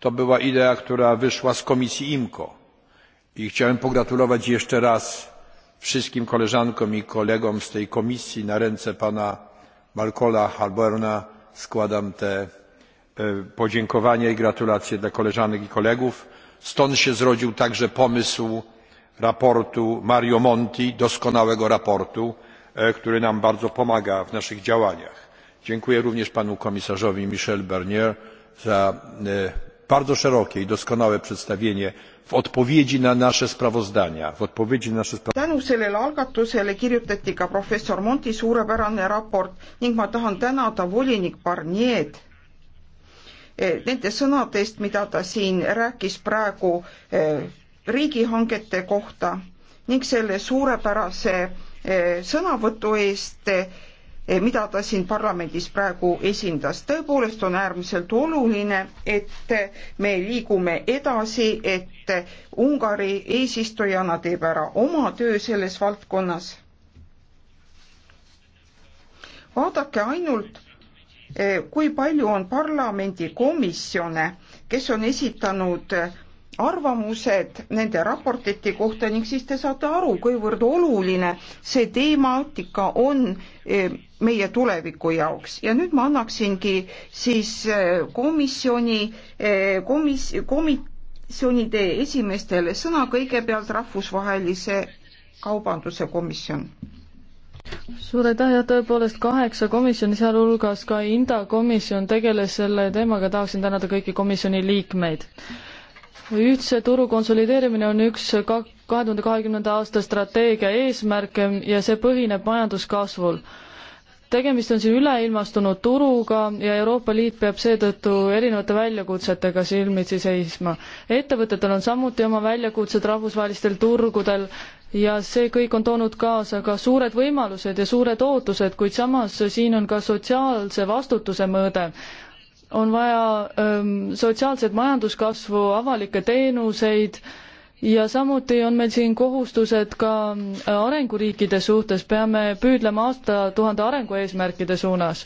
to była idea, która wyszła z komisji IMCO i chciałem pogratulować jeszcze raz wszystkim koleżankom i kolegom z tej komisji na ręce pana Malcola Halborna składam te e, podziękowania i gratulacje dla koleżanek i kolegów. Stąd się zrodził także pomysł raportu Mario Monti, doskonałego raportu, E, który nam bardzo pomaga w naszych działaniach. dziękuję również panu komisarzowi michelowi barnier za e, bardzo szerokie i doskonałe przedstawienie w odpowiedzi na nasze sprawozdania. W odpowiedzi na nasze tänu sellele algatusele kirjutati ka professor Monti suurepärane raport ning ma tahan tänada volinik Barnier'd e, nende sõnade eest, mida ta siin rääkis praegu riigihangete kohta ning selle suurepärase Eh, sõnavõtu eest, eh, mida ta siin parlamendis praegu esindas. tõepoolest on äärmiselt oluline, et eh, me liigume edasi, et Ungari eesistujana teeb ära oma töö selles valdkonnas. vaadake ainult kui palju on parlamendikomisjone, kes on esitanud arvamused nende raportite kohta ning siis te saate aru, kuivõrd oluline see teemaatika on e, meie tuleviku jaoks ja nüüd ma annaksingi siis e, komisjoni, e, komis-, komisjonide esimeestele sõna kõigepealt Rahvusvahelise Kaubanduse Komisjon suur aitäh, jah, tõepoolest kaheksa komisjoni, sealhulgas ka INDA komisjon tegeles selle teemaga, tahaksin tänada kõiki komisjoni liikmeid ühtse turu konsolideerimine on üks ka kahe tuhande kahekümnenda aasta strateegia eesmärke ja see põhineb majanduskasvul. tegemist on siin üleilmastunud turuga ja Euroopa Liit peab seetõttu erinevate väljakutsetega silmitsi seisma. ettevõtetel on samuti oma väljakutsed rahvusvahelistel turgudel ja see kõik on toonud kaasa ka suured võimalused ja suured ootused, kuid samas siin on ka sotsiaalse vastutuse mõõde on vaja ähm, sotsiaalset majanduskasvu, avalikke teenuseid ja samuti on meil siin kohustused ka äh, arenguriikide suhtes, peame püüdlema aastatuhande arengueesmärkide suunas.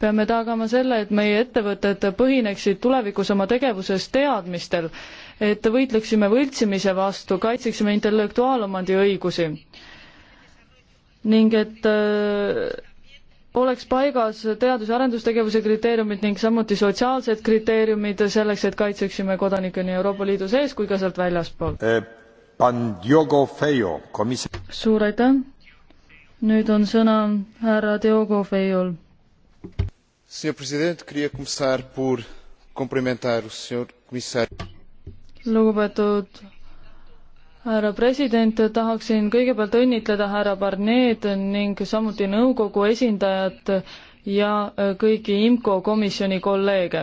peame tagama selle, et meie ettevõtted põhineksid tulevikus oma tegevuses teadmistel, et võitleksime võltsimise vastu, kaitseksime intellektuaalomandi õigusi ning et äh, oleks paigas teadus- ja arendustegevuse kriteeriumid ning samuti sotsiaalsed kriteeriumid selleks, et kaitseksime kodanikke nii Euroopa Liidu sees kui ka sealt väljaspool eh,. suur aitäh! nüüd on sõna härra Diogo Feiol. lugupeetud härra president, tahaksin kõigepealt õnnitleda härra Barnet'd ning samuti nõukogu esindajat ja äh, kõiki IMCO komisjoni kolleege.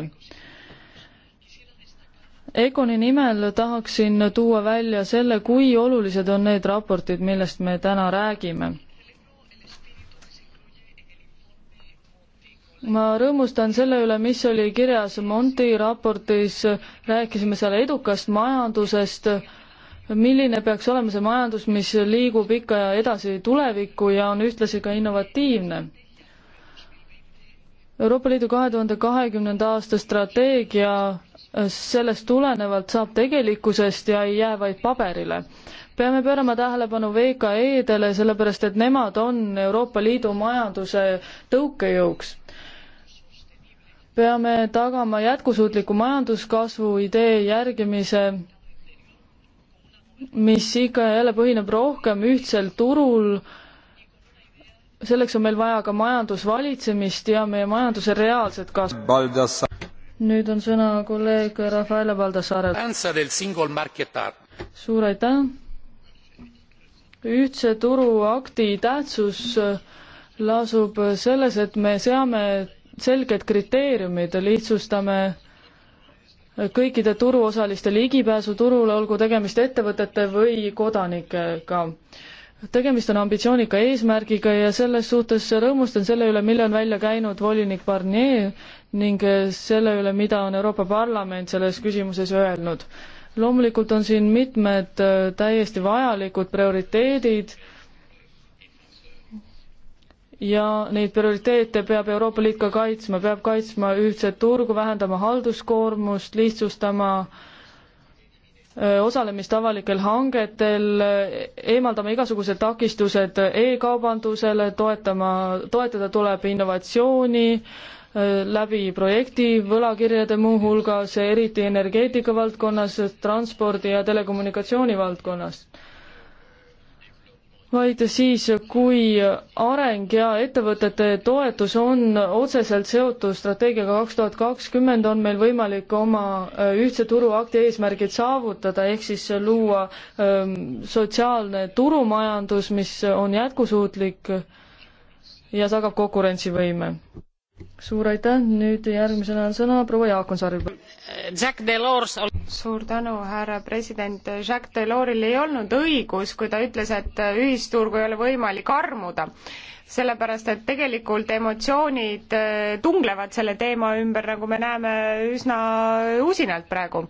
Egoni nimel tahaksin tuua välja selle, kui olulised on need raportid, millest me täna räägime ma rõõmustan selle üle, mis oli kirjas Monti raportis, rääkisime seal edukast majandusest milline peaks olema see majandus, mis liigub ikka edasi tulevikku ja on ühtlasi ka innovatiivne. Euroopa Liidu kahe tuhande kahekümnenda aasta strateegia äh, sellest tulenevalt saab tegelikkusest ja ei jää vaid paberile. peame pöörama tähelepanu VKE-dele, sellepärast et nemad on Euroopa Liidu majanduse tõukejõuks peame tagama jätkusuutliku majanduskasvu idee järgimise mis ikka ja jälle põhineb rohkem ühtsel turul, selleks on meil vaja ka majandusvalitsemist ja meie majanduse reaalset kasvu. nüüd on sõna kolleeg Rafaela Baldassarel. suur aitäh! ühtse turu akti tähtsus äh, lasub selles, et me seame selged kriteeriumid, lihtsustame kõikide turuosaliste ligipääsu turule, olgu tegemist ettevõtete või kodanikega. tegemist on ambitsioonika eesmärgiga ja selles suhtes rõõmustan selle üle, mille on välja käinud volinik Barnier ning selle üle, mida on Euroopa Parlament selles küsimuses öelnud. loomulikult on siin mitmed äh, täiesti vajalikud prioriteedid ja neid prioriteete peab Euroopa Liit ka kaitsma, peab kaitsma ühtset turgu, vähendama halduskoormust, lihtsustama osalemist avalikel hangetel, eemaldama igasugused takistused e-kaubandusele, toetama, toetada tuleb innovatsiooni, läbi projekti võlakirjade muuhulgas, eriti energeetika valdkonnas, transpordi ja telekommunikatsiooni valdkonnas vaid siis, kui areng ja ettevõtete toetus on otseselt seotud strateegiaga kaks tuhat kakskümmend, on meil võimalik oma äh, ühtse turuakti eesmärgid saavutada, ehk siis luua ähm, sotsiaalne turumajandus, mis on jätkusuutlik ja tagab konkurentsivõime suur aitäh, nüüd järgmisena on sõna proua Jaakonsaaril. Jacques Delors ol-. suur tänu, härra president, Jacques Delorsil ei olnud õigus, kui ta ütles, et ühisturgu ei ole võimalik armuda. sellepärast, et tegelikult emotsioonid äh, tunglevad selle teema ümber, nagu me näeme üsna usinalt praegu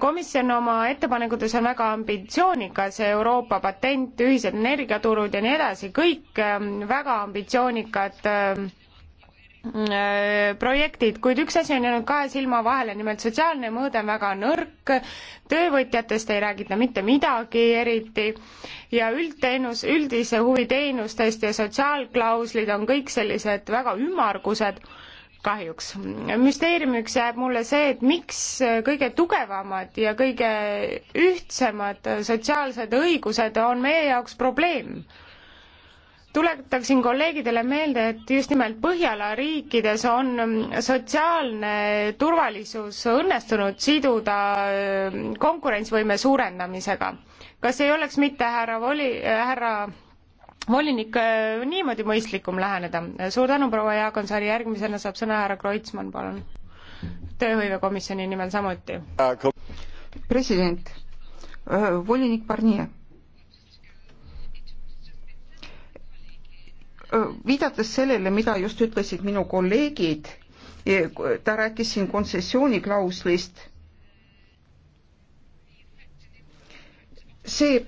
komisjon oma ettepanekutes on väga ambitsioonikas, Euroopa patent, ühised energiaturud ja nii edasi, kõik ähm, väga ambitsioonikad äh, projektid, kuid üks asi on jäänud kahe silma vahele, nimelt sotsiaalne mõõde on väga nõrk, töövõtjatest ei räägita mitte midagi eriti ja üldteenus, üldise huvi teenustest ja sotsiaalklauslid on kõik sellised väga ümmargused kahjuks. müsteeriumiks jääb mulle see, et miks kõige tugevamad ja kõige ühtsemad sotsiaalsed õigused on meie jaoks probleem tuletaksin kolleegidele meelde, et just nimelt Põhjala riikides on sotsiaalne turvalisus õnnestunud siduda äh, konkurentsivõime suurendamisega. kas ei oleks mitte härra voli, härra volinik äh, niimoodi mõistlikum läheneda? suur tänu, proua Jaagonsaari, järgmisena saab sõna härra Kreutzmann, palun. tööhõivekomisjoni nimel samuti. president, äh, volinik Barnier viidates sellele, mida just ütlesid minu kolleegid, e, ta rääkis siin kontsessiooniklauslist. see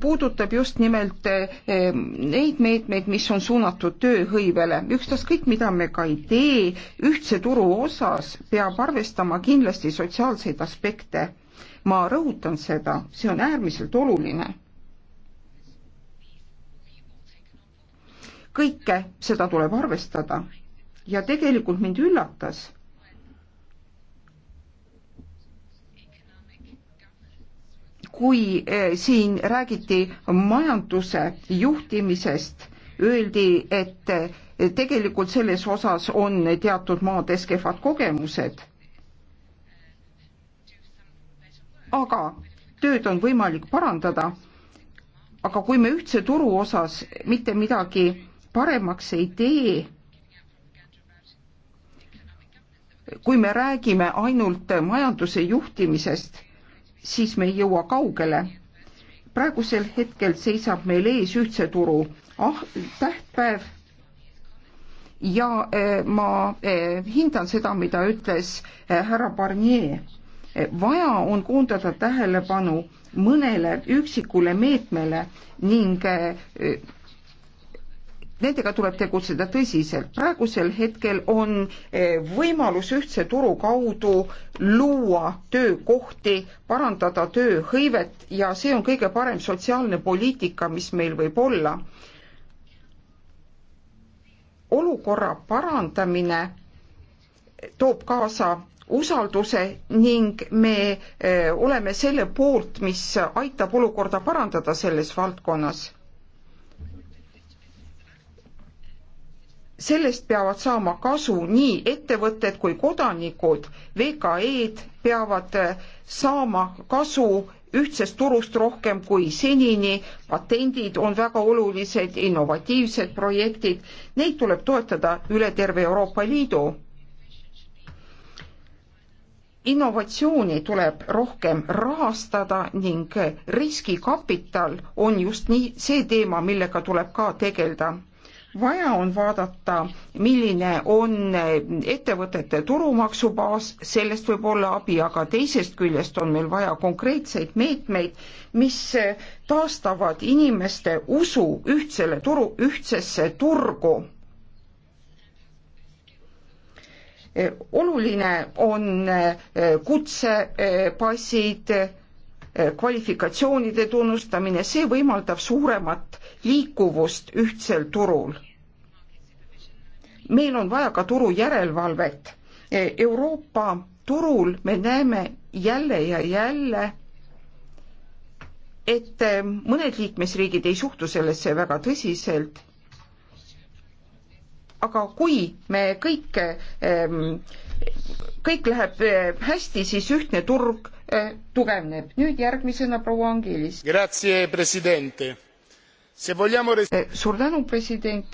puudutab just nimelt e, neid meetmeid, mis on suunatud tööhõivele. ükstaskõik, mida me ka ei tee, ühtse turu osas peab arvestama kindlasti sotsiaalseid aspekte. ma rõhutan seda, see on äärmiselt oluline kõike seda tuleb arvestada. ja tegelikult mind üllatas, kui eh, siin räägiti majanduse juhtimisest, öeldi, et eh, tegelikult selles osas on teatud maades kehvad kogemused. aga tööd on võimalik parandada. aga kui me ühtse turu osas mitte midagi paremaks ei tee, kui me räägime ainult majanduse juhtimisest, siis me ei jõua kaugele. praegusel hetkel seisab meil ees ühtse turu ah, tähtpäev ja eh, ma eh, hindan seda, mida ütles eh, härra Barnier. vaja on koondada tähelepanu mõnele üksikule meetmele ning nendega tuleb tegutseda tõsiselt. praegusel hetkel on eh, võimalus ühtse turu kaudu luua töökohti, parandada tööhõivet ja see on kõige parem sotsiaalne poliitika, mis meil võib olla. olukorra parandamine toob kaasa usalduse ning me eh, oleme selle poolt, mis aitab olukorda parandada selles valdkonnas sellest peavad saama kasu nii ettevõtted kui kodanikud, VKE-d peavad äh, saama kasu ühtsest turust rohkem kui senini, patendid on väga olulised, innovatiivsed projektid, neid tuleb toetada üle terve Euroopa Liidu. innovatsiooni tuleb rohkem rahastada ning äh, riskikapital on just nii see teema, millega tuleb ka tegeleda vaja on vaadata, milline on ettevõtete turumaksubaas, sellest võib olla abi, aga teisest küljest on meil vaja konkreetseid meetmeid, mis taastavad inimeste usu ühtsele turu, ühtsesse turgu oluline on kutsepassid, kvalifikatsioonide tunnustamine, see võimaldab suuremat liikuvust ühtsel turul. meil on vaja ka turu järelevalvet. E, Euroopa turul me näeme jälle ja jälle, et e, mõned liikmesriigid ei suhtu sellesse väga tõsiselt. aga kui me kõik, e, kõik läheb hästi, siis ühtne turg tugevneb. nüüd järgmisena proua Angelis. Grazie, president Vogliamo... Eh, suur tänu, president.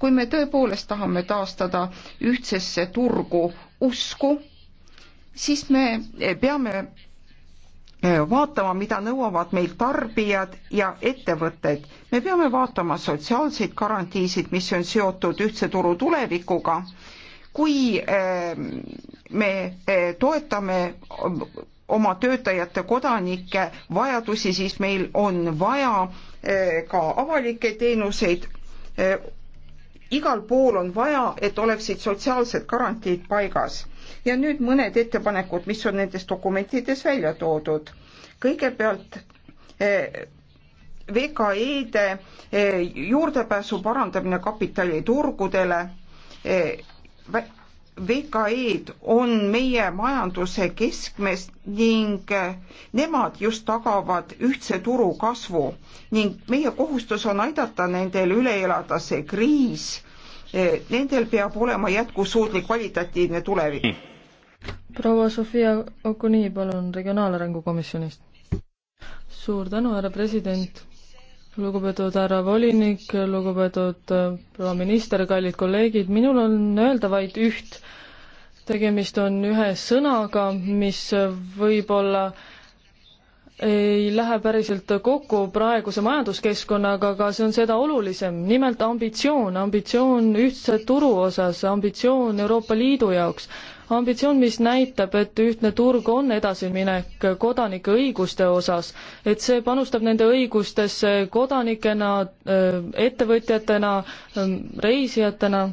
kui me tõepoolest tahame taastada ühtsesse turgu usku, siis me eh, peame eh, vaatama, mida nõuavad meil tarbijad ja ettevõtted. me peame vaatama sotsiaalseid garantiisid, mis on seotud ühtse turu tulevikuga. kui me toetame oma töötajate, kodanike vajadusi, siis meil on vaja eh, ka avalikke teenuseid. Eh, igal pool on vaja, et oleksid sotsiaalsed garantiid paigas. ja nüüd mõned ettepanekud, mis on nendes dokumentides välja toodud. kõigepealt eh, VKE-de juurdepääsu parandamine kapitaliturgudele VKE-d on meie majanduse keskmes ning äh, nemad just tagavad ühtse turu kasvu ning meie kohustus on aidata nendel üle elada see kriis. Äh, nendel peab olema jätkusuutlik kvalitatiivne tulevik. proua Sofia Okuni, palun Regionaalarengu Komisjonist. suur tänu, härra president lugupeetud härra volinik, lugupeetud äh, proua minister, kallid kolleegid, minul on öelda vaid üht. tegemist on ühe sõnaga, mis võib-olla ei lähe päriselt kokku praeguse majanduskeskkonnaga, aga see on seda olulisem. nimelt ambitsioon, ambitsioon ühtse turu osas, ambitsioon Euroopa Liidu jaoks ambitsioon, mis näitab, et ühtne turg on edasiminek kodanike õiguste osas, et see panustab nende õigustesse kodanikena, ettevõtjatena, reisijatena.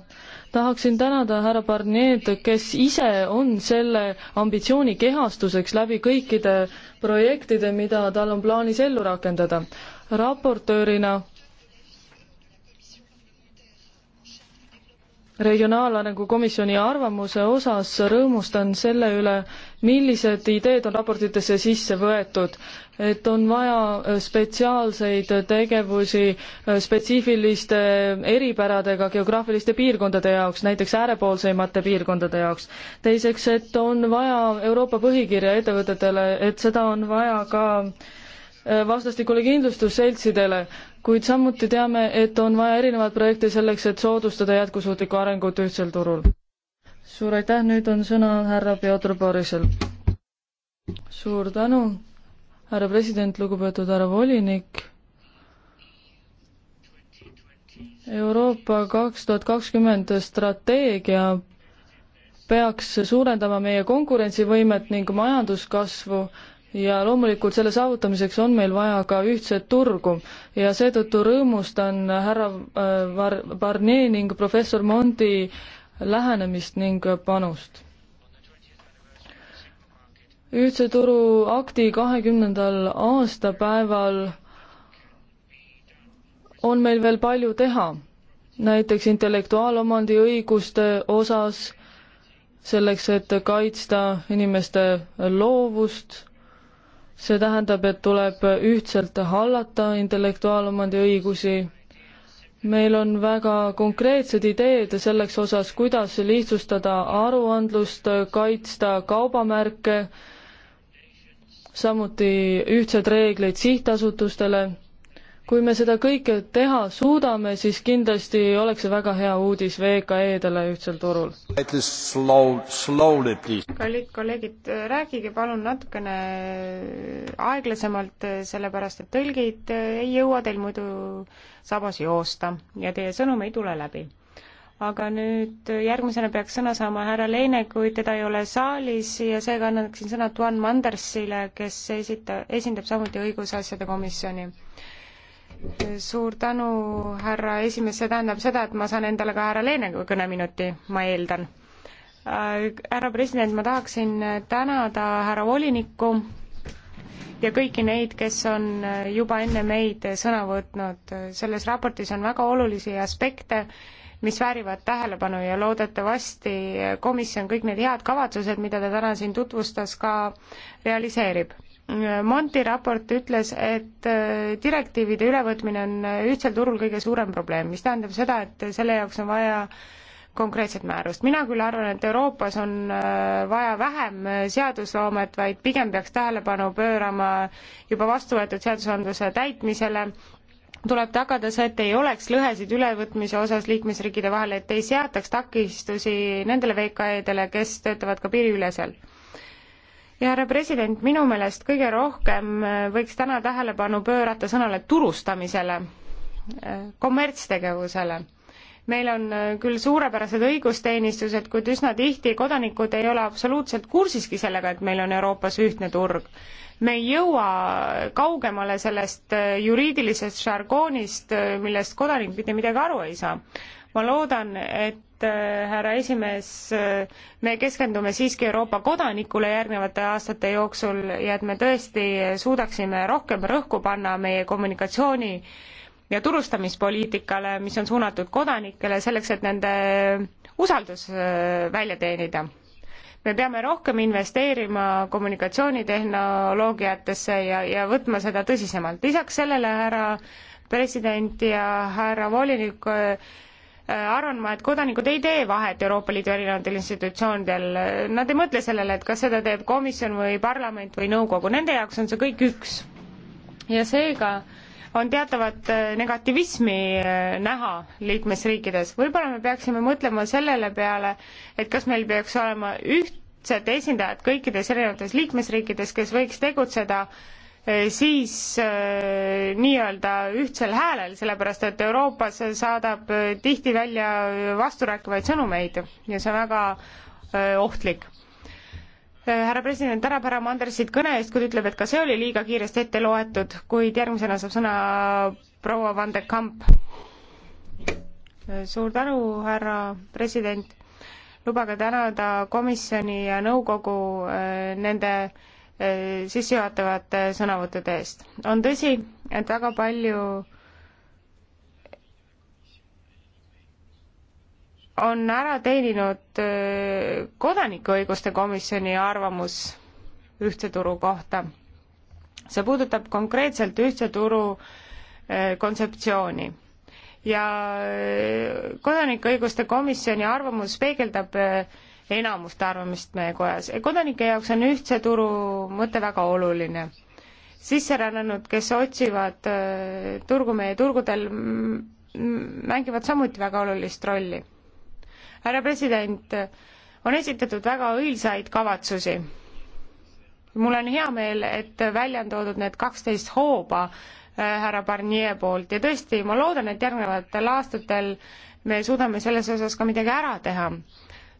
tahaksin tänada härra Barnier'd, kes ise on selle ambitsiooni kehastuseks läbi kõikide projektide, mida tal on plaanis ellu rakendada. raportöörina regionaalarengu komisjoni arvamuse osas rõõmustan selle üle, millised ideed on raportitesse sisse võetud. et on vaja äh, spetsiaalseid tegevusi äh, spetsiifiliste eripäradega geograafiliste piirkondade jaoks, näiteks äärepoolseimate piirkondade jaoks. teiseks, et on vaja Euroopa põhikirja ettevõtetele, et seda on vaja ka äh, vastastikule kindlustusseltsidele kuid samuti teame, et on vaja erinevaid projekte selleks, et soodustada jätkusuutlikku arengut ühtsel turul. suur aitäh, nüüd on sõna härra Piotr Borisel. suur tänu, härra president, lugupeetud härra volinik. Euroopa kaks tuhat kakskümmend strateegia peaks suurendama meie konkurentsivõimet ning majanduskasvu ja loomulikult selle saavutamiseks on meil vaja ka ühtset turgu ja seetõttu rõõmustan härra äh, Var-, Barnier ning professor Mondi lähenemist ning panust. ühtse turu akti kahekümnendal aastapäeval on meil veel palju teha, näiteks intellektuaalomandi õiguste osas, selleks, et kaitsta inimeste loovust see tähendab, et tuleb ühtselt hallata intellektuaalomandi õigusi. meil on väga konkreetsed ideed selleks osas, kuidas lihtsustada aruandlust, kaitsta kaubamärke, samuti ühtsed reeglid sihtasutustele kui me seda kõike teha suudame, siis kindlasti oleks see väga hea uudis VKE-dele ühtsel turul. kallid kolleegid, rääkige palun natukene aeglasemalt, sellepärast et tõlgid ei jõua teil muidu sabas joosta ja teie sõnum ei tule läbi aga nüüd järgmisena peaks sõna saama härra Leine, kuid teda ei ole saalis ja seega annaksin sõna Juan Mandersile, kes esita-, esindab samuti õigusasjade komisjoni suur tänu, härra esimees, see tähendab seda, et ma saan endale ka härra Leeniga kõneminuti, ma eeldan. Äh, härra president, ma tahaksin tänada härra volinikku ja kõiki neid, kes on juba enne meid sõna võtnud. selles raportis on väga olulisi aspekte, mis väärivad tähelepanu ja loodetavasti komisjon kõik need head kavatsused, mida ta täna siin tutvustas, ka realiseerib Monti raport ütles, et äh, direktiivide ülevõtmine on äh, ühtsel turul kõige suurem probleem, mis tähendab seda, et selle jaoks on vaja konkreetset määrust. mina küll arvan, et Euroopas on äh, vaja vähem seadusloomet, vaid pigem peaks tähelepanu pöörama juba vastu võetud seadusandluse täitmisele, tuleb tagada see, et ei oleks lõhesid ülevõtmise osas liikmesriikide vahel, et ei seataks takistusi nendele VKE-dele, kes töötavad ka piiriüleselt ja härra president, minu meelest kõige rohkem äh, võiks täna tähelepanu pöörata sõnale turustamisele, äh, kommertstegevusele meil on äh, küll suurepärased õigusteenistused, kuid üsna tihti kodanikud ei ole absoluutselt kursiski sellega, et meil on Euroopas ühtne turg. me ei jõua kaugemale sellest juriidilisest žargoonist, millest kodanik mitte midagi aru ei saa. ma loodan, et et äh, härra esimees, äh, me keskendume siiski Euroopa kodanikule järgnevate aastate jooksul ja et me tõesti suudaksime rohkem rõhku panna meie kommunikatsiooni ja turustamispoliitikale, mis on suunatud kodanikele, selleks et nende usaldus äh, välja teenida me peame rohkem investeerima kommunikatsioonitehnoloogiatesse ja, ja võtma seda tõsisemalt. lisaks sellele, härra president ja härra volinik, Äh, arvan ma, et kodanikud ei tee vahet Euroopa Liidu erinevatel institutsioonidel, nad ei mõtle sellele, et kas seda teeb komisjon või parlament või nõukogu, nende jaoks on see kõik üks. ja seega on teatavat äh, negativismi äh, näha liikmesriikides, võib-olla me peaksime mõtlema sellele peale, et kas meil peaks olema ühtsed esindajad kõikides erinevates liikmesriikides, kes võiks tegutseda äh, Eh, siis eh, nii-öelda ühtsel häälel, sellepärast et Euroopas saadab eh, tihti välja vasturääkivaid sõnumeid ja see on väga ohtlik. härra president tänab härra Mandersit kõne eest, kuid ütleb, et ka see oli liiga kiiresti ette loetud, kuid järgmisena saab sõna proua Van de Kamp. suur tänu, härra president. lubage tänada komisjoni ja nõukogu nende Eh, sissejuhatavate sõnavõttude eest. on tõsi, et väga palju on ära teeninud eh, Kodanikuõiguste Komisjoni arvamus ühtse turu kohta. see puudutab konkreetselt ühtse turu eh, kontseptsiooni ja Kodanikuõiguste Komisjoni arvamus peegeldab äh, enamust arvamist meie kojas. kodanike jaoks on ühtse turu mõte väga oluline. sisserännanud, kes otsivad äh, turgu meie turgudel, mängivad samuti väga olulist rolli. härra president, on esitatud väga õilsaid kavatsusi. mul on hea meel, et välja on toodud need kaksteist hooba äh, härra Barnier poolt ja tõesti, ma loodan, et järgnevatel aastatel me suudame selles osas ka midagi ära teha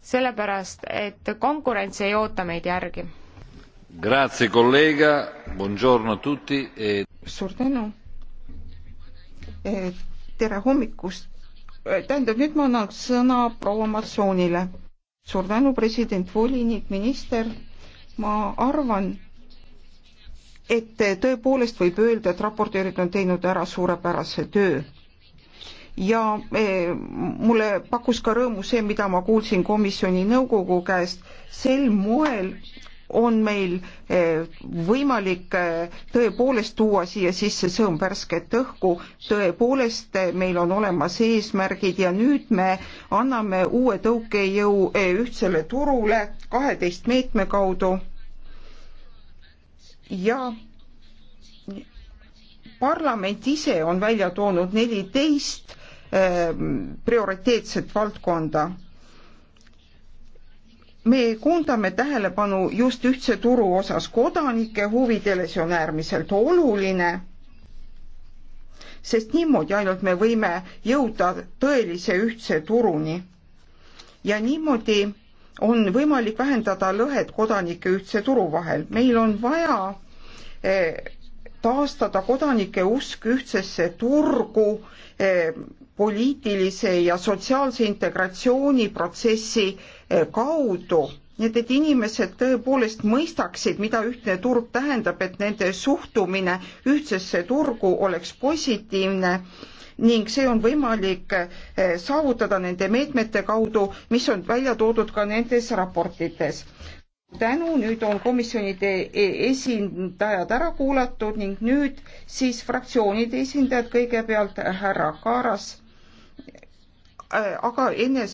sellepärast et konkurents ei oota meid järgi. Grazie kolleega, buongiorno tutti e.... suur tänu. E, tere hommikust. E, tähendab, nüüd ma annan sõna proua Matsoonile. suur tänu, president, volinik, minister. ma arvan, et tõepoolest võib öelda, et raportöörid on teinud ära suurepärase töö ja eh, mulle pakkus ka rõõmu see, mida ma kuulsin komisjoni nõukogu käest, sel moel on meil eh, võimalik eh, tõepoolest tuua siia sisse sõõm värsket õhku, tõepoolest meil on olemas eesmärgid ja nüüd me anname uue tõukejõu ühtsele turule kaheteist meetme kaudu ja parlament ise on välja toonud neliteist Ähm, prioriteetset valdkonda. me koondame tähelepanu just ühtse turu osas kodanike huvidele, see on äärmiselt oluline sest niimoodi ainult me võime jõuda tõelise ühtse turuni. ja niimoodi on võimalik vähendada lõhed kodanike ühtse turu vahel. meil on vaja eh, taastada kodanike usk ühtsesse turgu, eh, poliitilise ja sotsiaalse integratsiooni protsessi eh, kaudu need, et inimesed tõepoolest mõistaksid, mida ühtne turg tähendab, et nende suhtumine ühtsesse turgu oleks positiivne ning see on võimalik eh, saavutada nende meetmete kaudu, mis on välja toodud ka nendes raportites. tänu, nüüd on komisjonide e-, esindajad ära kuulatud ning nüüd siis fraktsioonide esindajad, kõigepealt härra Kaaras aga enne